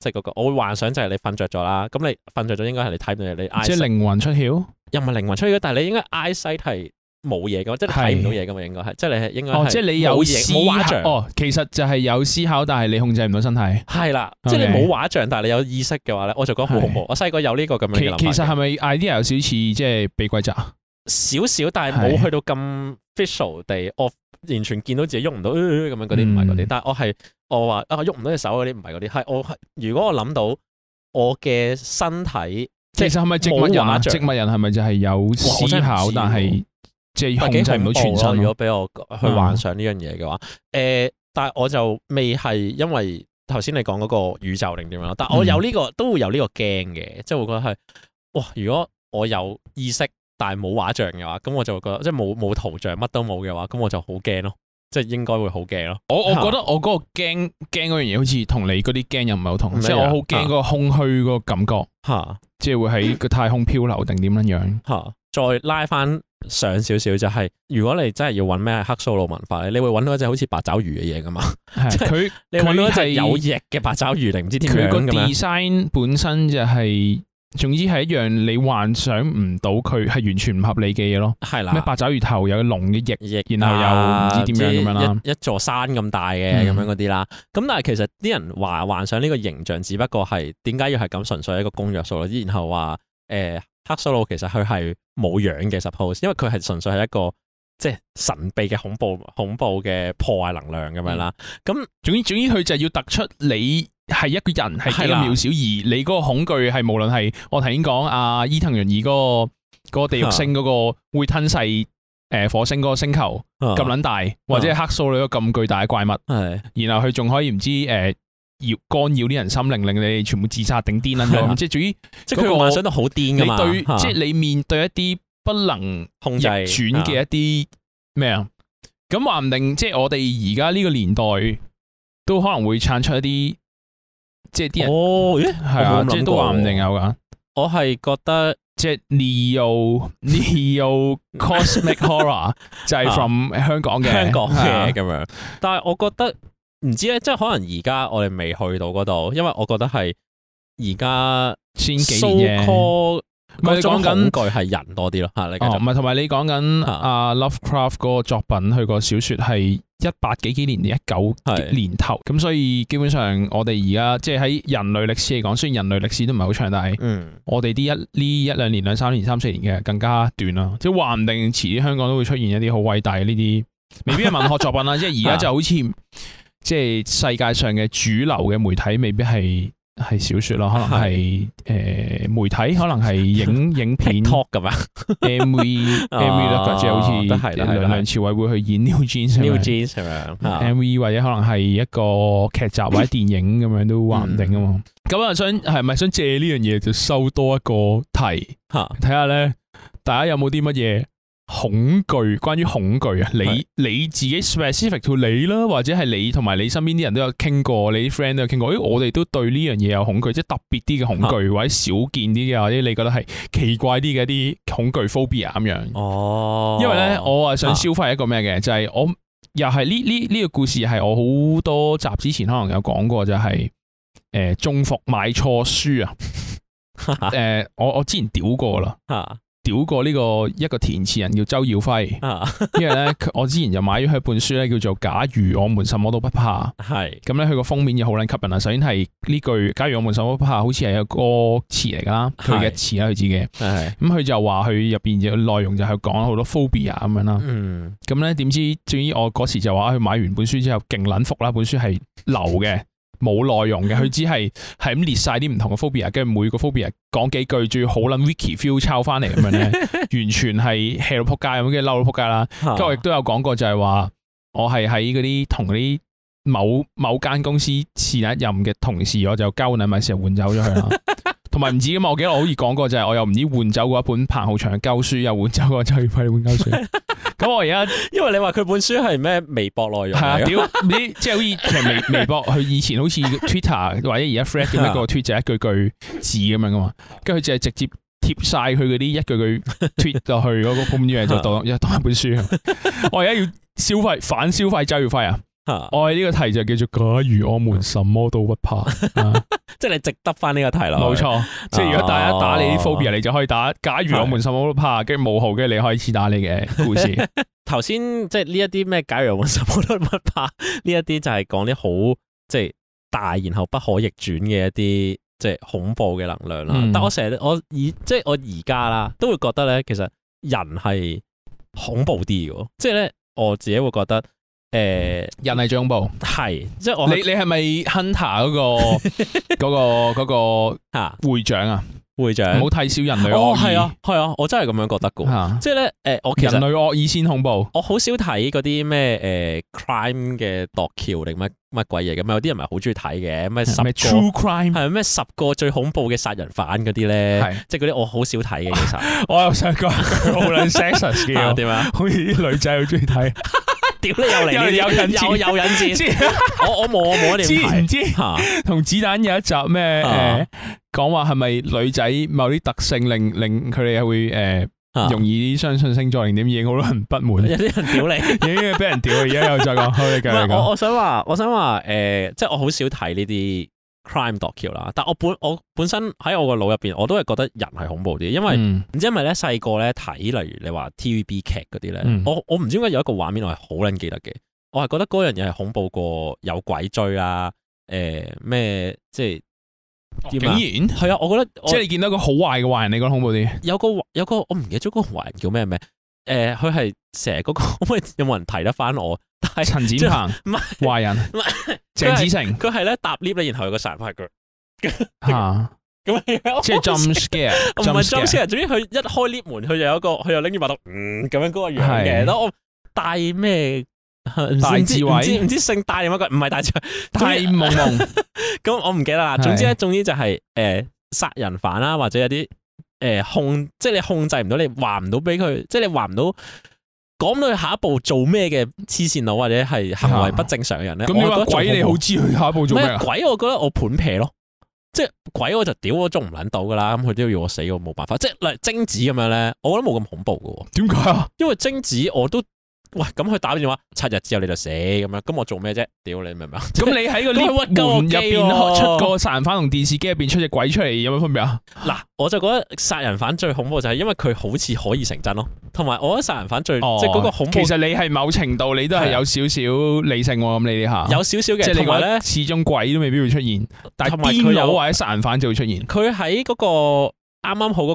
即係嗰個我會幻想就係你瞓着咗啦。咁你瞓着咗，應該係你睇唔到嘢，即係靈魂出竅，又唔係靈魂出竅。但係你應該 eyesight 係冇嘢嘅，即係睇唔到嘢嘅嘛。應該係，即係你應該即係你有思考。冇畫像哦，其實就係有思考，但係你控制唔到身體。係啦了，Okay. 即係你冇畫像，但係你有意識嘅話咧，我就覺得好講是我細個有呢個咁樣其。其實係咪 idea 有少似即係被鬼抓？少少，但係冇去到咁 official 地。完全見到自己喐唔到咁樣嗰啲唔係嗰啲，嗯、但係我係我話啊喐唔到隻手嗰啲唔係嗰啲，係我係如果我諗到我嘅身體，其實係咪植物人、啊？植物人係咪就係有思考，但係即係控制唔到全身？全身如果俾我去幻想呢樣嘢嘅話，誒、呃，但係我就未係因為頭先你講嗰個宇宙定點樣咯，但係我有呢、呢個、嗯、都會有呢個驚嘅，即係我覺得係哇，如果我有意識。但係冇畫像嘅話，咁我就覺得即係冇冇圖像，乜都冇嘅話，咁我就好驚咯，即係應該會好驚咯。我我覺得我嗰個驚驚嗰樣嘢，好似同你嗰啲驚又唔係好同，即係我好驚嗰個空虛嗰個感覺。吓、啊，即係會喺個太空漂流定點樣樣？吓、啊，再拉翻上少少就係、是，如果你真係要搵咩克蘇魯文化咧，你會搵到一隻好似八爪魚嘅嘢噶嘛？的 即係佢，你搵到一隻有翼嘅八爪魚定唔知點樣。佢個 design 本身就係、是。總之係一樣你幻想唔到佢係完全唔合理嘅嘢咯。係啦的，咩八爪魚頭有龍嘅翼，翼、啊，然後又唔知點樣咁樣啦。一座山咁大嘅咁、嗯、樣嗰啲啦。咁但係其實啲人幻幻想呢個形象，只不過係點解要係咁純粹係一個公約數咯。然後話誒、呃，克蘇魯其實佢係冇樣嘅，suppose，因為佢係純粹係一個即係、就是、神秘嘅恐怖、恐怖嘅破壞能量咁、嗯、樣啦。咁總之，總之佢就係要突出你。係一個人係幾咁渺小，而你嗰個恐懼係無論係我頭先講阿伊藤潤二嗰個個地獄星嗰個會吞噬誒火星嗰個星球咁撚大，或者係黑素女咁巨大嘅怪物，係然後佢仲可以唔知誒擾干擾啲人心靈，令你全部自殺頂癲啦，即係主要即係佢幻想得好癲噶嘛。你對即係你面對一啲不能控制逆轉嘅一啲咩啊？咁話唔定即係我哋而家呢個年代都可能會產出一啲。即係啲人哦，係、oh, yeah? 啊，即係都話唔定有噶。我係覺得即係 Neo Neo Cosmic Horror 就係 from 香港嘅香港嘅咁樣。啊、但係我覺得唔知咧，即係可能而家我哋未去到嗰度，因為我覺得係而家先幾年啫、so。唔係講緊恐懼係人多啲咯，哦、啊，唔係同埋你講緊阿 Lovecraft 個作品，佢、嗰個小說係一八幾幾年，一九年頭，咁是的 所以基本上我哋而家即係喺人類歷史嚟講，雖然人類歷史都唔係好長，但係我哋啲一呢一兩年、兩三年、三四年嘅更加短啦，即係話唔定遲啲香港都會出現一啲好偉大嘅呢啲，未必係文學作品啦， 即係而家就好似即係世界上嘅主流嘅媒體，未必係。係小說咯，可能係誒媒體，可能係影影片 talk 咁啊，MV MV 啦，即係好似梁梁朝偉會去演 New Jeans，New Jeans 係咪啊？MV 或者可能係一個劇集或者電影咁樣都話唔定噶嘛。咁啊想係咪想借呢樣嘢就收多一個題吓，睇下咧大家有冇啲乜嘢？恐懼，關於恐懼啊！是你你自己 specific to 你啦，或者係你同埋你身邊啲人都有傾過，你啲 friend 都有傾過。咦，我哋都對呢樣嘢有恐懼，即係特別啲嘅恐懼，的或者少見啲嘅，或者你覺得係奇怪啲嘅一啲恐懼 phobia 咁樣。哦，因為咧，我係想消化一個咩嘅，啊、就係我又係呢呢呢個故事係我好多集之前可能有講過，就係、是、誒、呃、中伏買錯書啊。誒，我我之前屌過啦。 少過呢、呢個一個填詞人叫周耀輝，啊、因為咧， 我之前就買咗佢本書咧，叫做《假如我們什麼都不怕》，係咁咧，佢個封面就好撚吸引啊！首先係呢句《假如我們什麼都不怕》，好似係個歌詞嚟噶啦，佢嘅詞啦，佢是 自己咁佢是是、嗯、就話佢入邊嘅內容就係講好多 phobia 咁、嗯、樣啦。咁咧，點知至於我嗰時就話佢買完本書之後勁撚服啦，本書係流嘅。冇內容嘅，佢只係係咁列晒啲唔同嘅 phobia，跟住每個 phobia 講幾句，最好撚 vicky feel 抄翻嚟咁樣咧， 完全係氣到撲街咁，跟住嬲到撲街啦。跟住我亦都有講過，就係話我係喺嗰啲同嗰啲某某間公司前一任嘅同事，我就交換禮物換走咗佢啦。 唔係，唔止咁嘛，我記得我好易講過就係，我又唔知換走嗰一本彭浩翔嘅舊書，又換走個周耀輝換舊書。咁我而家，因為你話佢本書係咩微博內容？係啊，屌你，即係好似其實微微博佢 以前好似 Twitter，或者而家 Friend 叫一個 Twitter，一句句字咁樣噶嘛。跟住佢就係直接貼晒佢嗰啲一句句 t w i 貼落去嗰個封面就當又當一本書。 我而家要消費反消費周耀輝啊！啊、我哋呢個題就叫做假如我們什麼都不怕， 即係你值得翻呢個題啦錯。冇錯，即係如果大家打你啲 phobia 你就可以打假如我們什麼都不怕，跟住冇後跟你可以次打你嘅故事。頭先即係呢一啲咩？假如我們什麼都不怕呢一啲就係講啲好即係大然後不可逆轉嘅一啲即係恐怖嘅能量啦。嗯、但我成日我而即係我而家啦，都會覺得咧，其實人係恐怖啲嘅，即係咧我自己會覺得。誒，人類最恐怖係即係我你你係咪 Hunter 嗰個嗰個嗰個吓會長啊？會長，唔好睇小人類惡意，係啊係啊，我真係咁樣覺得噶，即係咧誒，我其實人類惡意先恐怖。我好少睇嗰啲咩誒 crime 嘅奪橋定乜乜鬼嘢，咁有啲人咪好中意睇嘅咩 true crime 係咩十個最恐怖嘅殺人犯嗰啲咧？即係嗰啲我好少睇嘅，其實我又想講好捻 sexist 嘅，點啊？好似啲女仔好中意睇。屌你又嚟，又引，又引戰，我我冇我冇你知唔知。同子彈有一集咩？誒，講話係咪女仔某啲特性令令佢哋會誒容易相信星座定點嘢，已經好多人不滿。有啲人屌你，已經俾人屌，而家又再講。你繼續講，我我想話，我想話，誒，即係我好少睇呢啲，crime docu 啦，但我本我本身喺我個腦入邊，我都係覺得人係恐怖啲，因為唔、嗯、知因為咧細個咧睇，例如你話 TVB 劇嗰啲咧，我我唔知點解有一個畫面我係好撚記得嘅，我係覺得嗰樣嘢係恐怖過有鬼追啦，誒、呃、咩即係、啊哦、竟然係啊！我覺得我即係你見到個好壞嘅壞人，你覺得恐怖啲？有個有個我唔記得咗個壞人叫咩名，誒、呃，佢係成日嗰個可唔 有冇人提得翻我？陳展鵬，唔係壞人，唔係鄭子誠，佢係咧搭 lift 咧，然後有個殺人犯佢吓，咁樣即係 jump scare，唔係 jump scare，總之佢一開 lift 門，佢就有一個，佢又拎住把刀，嗯咁樣嗰個樣嘅，咯我帶咩大智慧？唔知姓大定乜鬼？唔係大智慧，大夢夢。咁我唔記得啦。總之咧，總之就係誒殺人犯啦，或者有啲誒控，即係你控制唔到，你話唔到俾佢，即係你話唔到。講到下一步做咩嘅黐線佬或者係行為不正常嘅人咧，咁你話鬼你好知佢下一步做咩啊？唔係鬼我覺得我盤劈咯，即係鬼我就屌我仲唔捻到噶啦，咁佢都要我死我冇辦法，即係例如貞子咁樣咧，我覺得冇咁恐怖噶，點解啊？因為貞子我都。喂，咁佢打咗電話七日之後你就死咁樣，咁我做咩啫？屌你明唔明啊？咁、即係、你喺個 lift 門入邊出個殺人犯同電視機入邊出隻鬼出嚟有咩分別啊？嗱，我就覺得殺人犯最恐怖就係因為佢好似可以成真咯，同埋我覺得殺人犯最、哦、即係個恐怖。其實你係某程度你都係有少少理性咁的你呢下？有少少嘅，即係你話咧，始終鬼都未必會出現，有但係癲佬或者殺人犯就會出現。佢喺嗰個啱啱好嗰、嗰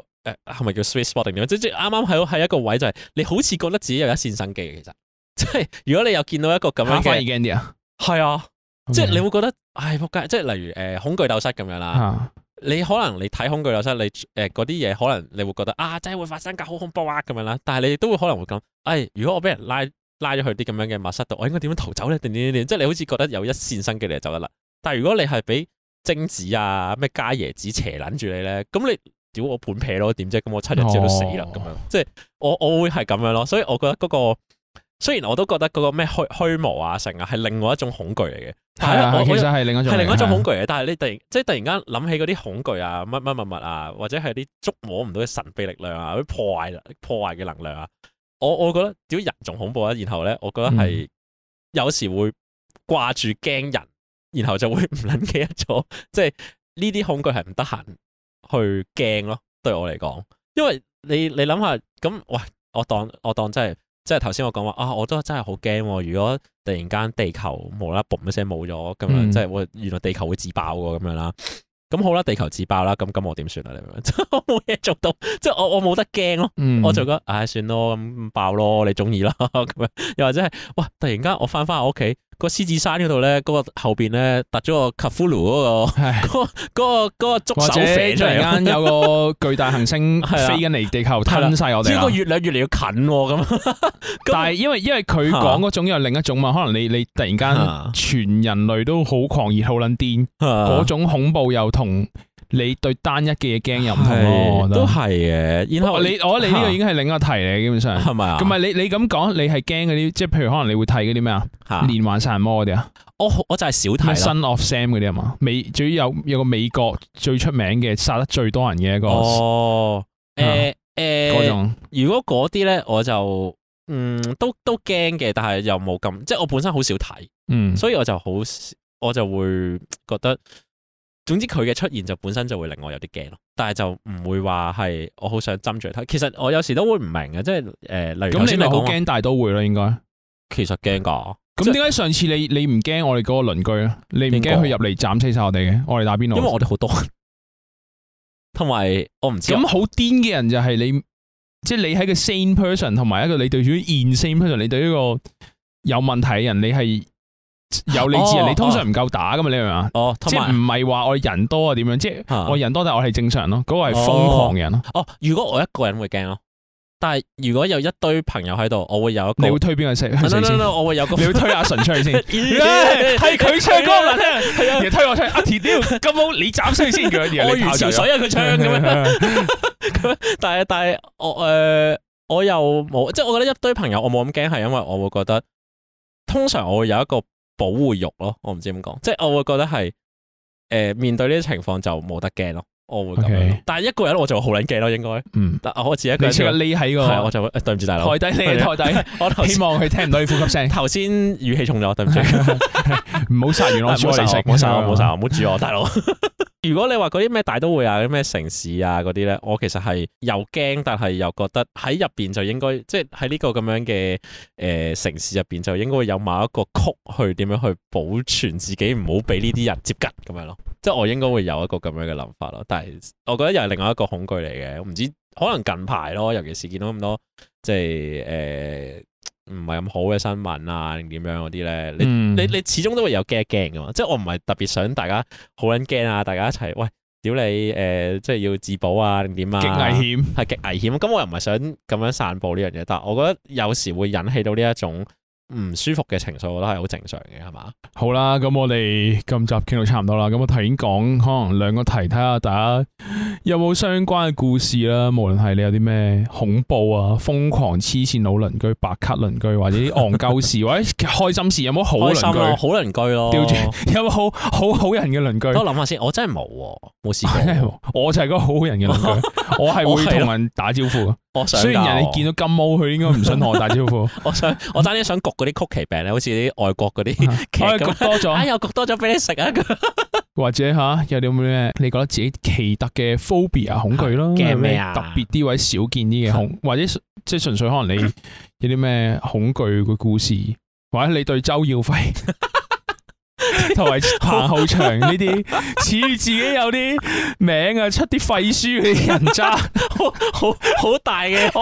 個。誒，係咪、呃、叫 sweet spot 定點樣？即係啱啱喺喺一個位就係、是，你好似覺得自己有一線生機嘅，其實即係如果你又見到一個咁樣嘅，吓反而驚啲啊！係啊，Okay. 即係你會覺得，唉仆街！即係例如誒、呃、恐懼鬥室咁樣啦，啊、你可能你睇恐懼鬥室，你誒嗰啲嘢可能你會覺得啊，真係會發生嘅好恐怖啊咁樣啦。但係你都會可能會諗，誒、哎、如果我俾人拉拉咗去啲咁樣嘅密室度，我應該點樣逃走咧？點點點點，即係你好似覺得有一線生機嚟就走得啦。但係如果你係俾貞子啊、咩加椰子斜捻住你咧，咁你。屌，我半撇咯，點啫？咁我七日之後都死啦，咁樣、哦，即係我我會係咁樣咯。所以我覺得嗰、嗰個，雖然我都覺得嗰個咩虛虛無啊，成啊，係另外一種恐懼嚟嘅。係啊，其實係另外一種，係另一種恐懼嚟嘅。啊、但係你突然，即係突然間諗起嗰啲恐懼啊，乜乜物物啊，或者係啲捉摸唔到嘅神秘力量啊，啲破壞破壞嘅能量啊，我我覺得屌人仲恐怖啊，然後咧，我覺得係、嗯、有時會掛住驚人，然後就會唔撚記得咗，即係呢啲恐懼係唔得閒。 去驚咯，對我嚟講，因為你你諗下咁，喂，我當我當真係，即係頭先我講話啊，我都真係好驚喎。如果突然間地球無啦 boom 一聲冇咗，咁樣即係我原來地球會自爆喎，咁樣啦。咁好啦，地球自爆啦，咁咁我點算啊？你我冇嘢做到，即係我我冇得驚咯。嗯、我就覺得，唉、哎，算咯，咁爆咯，你中意啦。咁樣又或者係，哇，突然間我翻返我屋企。個獅子山嗰度咧，嗰、那個後邊咧，突咗個卡夫盧嗰個，嗰嗰唉、那個嗰、那個觸、那個、手，突然間有個巨大行星飛緊嚟地球 了吞晒我哋。呢個月亮越嚟越，越近咁、哦， 那但係因為因為佢講嗰種又另一種嘛， 可能你你突然間全人類都好狂熱，好撚癲，嗰 種恐怖又同。你對單一嘅嘢驚又唔同咯，都係嘅。然後你我你呢個已經係另一個題咧，基本上係咪啊？唔係你你咁講，你係驚嗰啲，即係譬如可能你會睇嗰啲咩啊，連環殺人魔嗰啲啊。我我就係少睇。Son of Sam 嗰啲係嘛？美，至於有有個美國最出名嘅殺得最多人嘅一個。哦。誒誒。嗰種。如果嗰啲咧，我就嗯都都驚嘅，但係又冇咁，即係我本身好少睇，嗯，所以我就好我就會覺得。總之佢嘅出現就本身就會令我有啲驚咯，但係就唔會話係我好想針住佢睇。其實我有時都會唔明嘅，即係誒、呃，例如咁你咪好驚，大都會啦，應該其實驚噶。咁點解上次你、嗯、你唔驚我哋嗰個鄰居咧？你唔驚佢入嚟斬死晒我哋嘅？我哋打邊爐，因為我哋好多，同埋我唔知。咁好癲嘅人就係你， 即係你喺個 same person，同埋一個你對住 in same person，你對呢個有問題嘅人，你係。有理智啊！你通常唔夠打噶嘛？你明嘛？哦，即係唔係話我人多啊？點樣？即係我人多，但我係正常咯。嗰個係瘋狂嘅人咯。哦，如果我一個人會驚咯，但係如果有一堆朋友喺度，我會有一個。你會推邊個出？唔好意思，我會有個。你會推阿純出去先。係推出歌難聽，係啊！你推我出去阿田雕金毛，你斬聲先佢。我如潮水啊！佢唱咁樣。但係但係我誒我又冇，即係我覺得一堆朋友我冇咁驚，係因為我會覺得通常我會有一個。保護欲咯，我唔知點講，即係我會覺得係，誒面對呢啲情況就冇得驚咯，我會咁樣。但係一個人我就會好捻驚咯，應該。嗯。但係我自己一個人匿喺個，我就會對唔住大佬。台底匿，台底。我希望佢聽唔到你呼吸聲。頭先語氣重咗，對唔住。唔好殺完我需要你食。唔好殺，唔好殺，唔好住我，大佬。如果你話嗰啲咩大都會啊，啲咩城市啊，嗰啲呢，我其實係又驚，但係又覺得喺入邊就應該，即係喺呢個咁樣嘅誒、呃、城市入邊就應該會有某一個曲去點樣去保存自己，唔好俾呢啲人接近咁樣咯。即係我應該會有一個咁樣嘅諗法咯。但係我覺得又係另外一個恐懼嚟嘅。我唔知可能近排咯，尤其是見到咁多即係誒。呃唔係咁好嘅新聞啊，定點樣嗰啲咧？你、嗯、你你始終都會有驚驚噶嘛，即係我唔係特別想大家好撚驚啊，大家一齊喂，屌你誒、呃，即係要自保啊，定點啊？極危險，係極危險。咁 我又唔係想咁樣散步呢樣嘢，但係我覺得有時會引起到呢一種。唔舒服嘅情緒，我諗係好正常嘅，係嘛？好啦，咁我哋今集傾到差唔多啦。咁我頭先講可能兩個題，睇下大家有冇相關嘅故事啦。無論係你有啲咩恐怖啊、瘋狂、黐線老鄰居、白咭鄰居，或者啲戇鳩事， 或者開心事，有冇好鄰居、好鄰居咯？有冇好好好人嘅鄰居？我諗下先，我真係冇、啊，冇事過。 我就係個好好人嘅鄰居， 我係會同人打招呼。 我想雖然人哋見到金毛，佢應該唔想 同我打招呼。我想我真啲想焗嗰啲曲奇餅咧，好似啲外國嗰啲、 嗯，焗多咗， 哎呀，焗多咗俾你食 啊！或者吓有啲咩？你覺得自己奇特嘅 phobia 啊、恐懼咯，係咩啊？有冇特別啲或者少見啲嘅恐，是或者即係純粹可能你有啲咩恐懼嘅故事， 或者你對周耀輝。 同埋彭浩翔呢啲，似自己有啲名啊，出啲廢書啲人渣， 好好好大嘅，好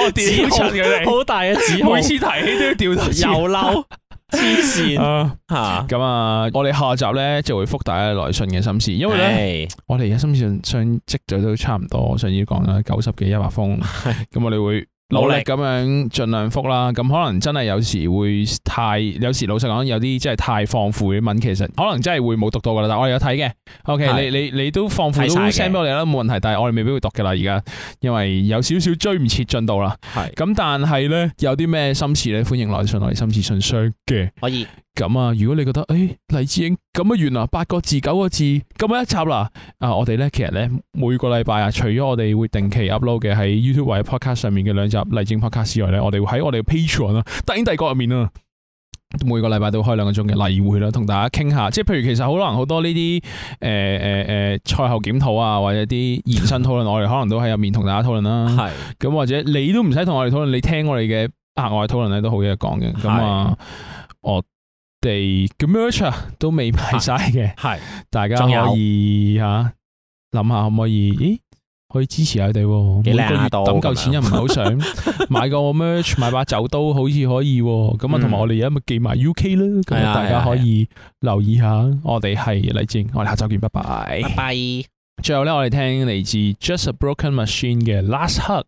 大嘅字，後每次提起都要掉到，又嬲后，黐線吓。咁啊，我哋下集咧就會覆大家來信嘅心事，因為咧是我哋而家心事上積累都差唔多，我上次講啦，九十幾一百封，咁是、啊、我哋會。努力咁樣，儘量覆啦。咁可能真係有時會太，有時老實講有啲真係太放負嘅文，其實可能真係會冇讀到噶啦。但係我有睇嘅。O、okay, K，是你你你都放負都俾我哋啦，冇問題。但係我哋未必會讀嘅啦，而家因為有少少追唔切進度啦。係是。咁但係咧，有啲咩心事咧？歡迎來信我哋心事信箱嘅。可以。咁啊！如果你覺得誒、欸，黎智英咁啊完啦，八個字九個字咁啊一集啦啊！我哋咧其實咧每個禮拜啊，除咗我哋會定期 upload 嘅喺 YouTube 或者 Podcast 上面嘅兩集黎智英 Podcast 之外咧，我哋會喺我哋嘅 Patreon 啊大鷹帝國入面啊，每個禮拜都開兩個鐘嘅例會啦，同大家傾下。即係譬如其實可能好多呢啲誒誒誒賽後檢討啊，或者啲延伸討論， 我哋可能都喺入面同大家討論啦。係咁是或者你都唔使同我哋討論，你聽我哋嘅額外討論咧都好嘅講嘅。咁啊，是我。哋嘅 merch 都未賣晒嘅，係、啊，大家可以吓諗有、啊、下可唔可以？咦，可以支持下佢哋、啊，每個月等夠錢又唔係好想買個 merch， 買，mer 買把酒刀好似可以，咁啊，同埋、嗯、我哋而家咪寄埋 U K 啦，咁大家可以留意下。我哋係黎志，我哋下週見，拜拜。拜，拜。最後咧，我哋聽嚟自 Just a Broken Machine 嘅 Last Hug。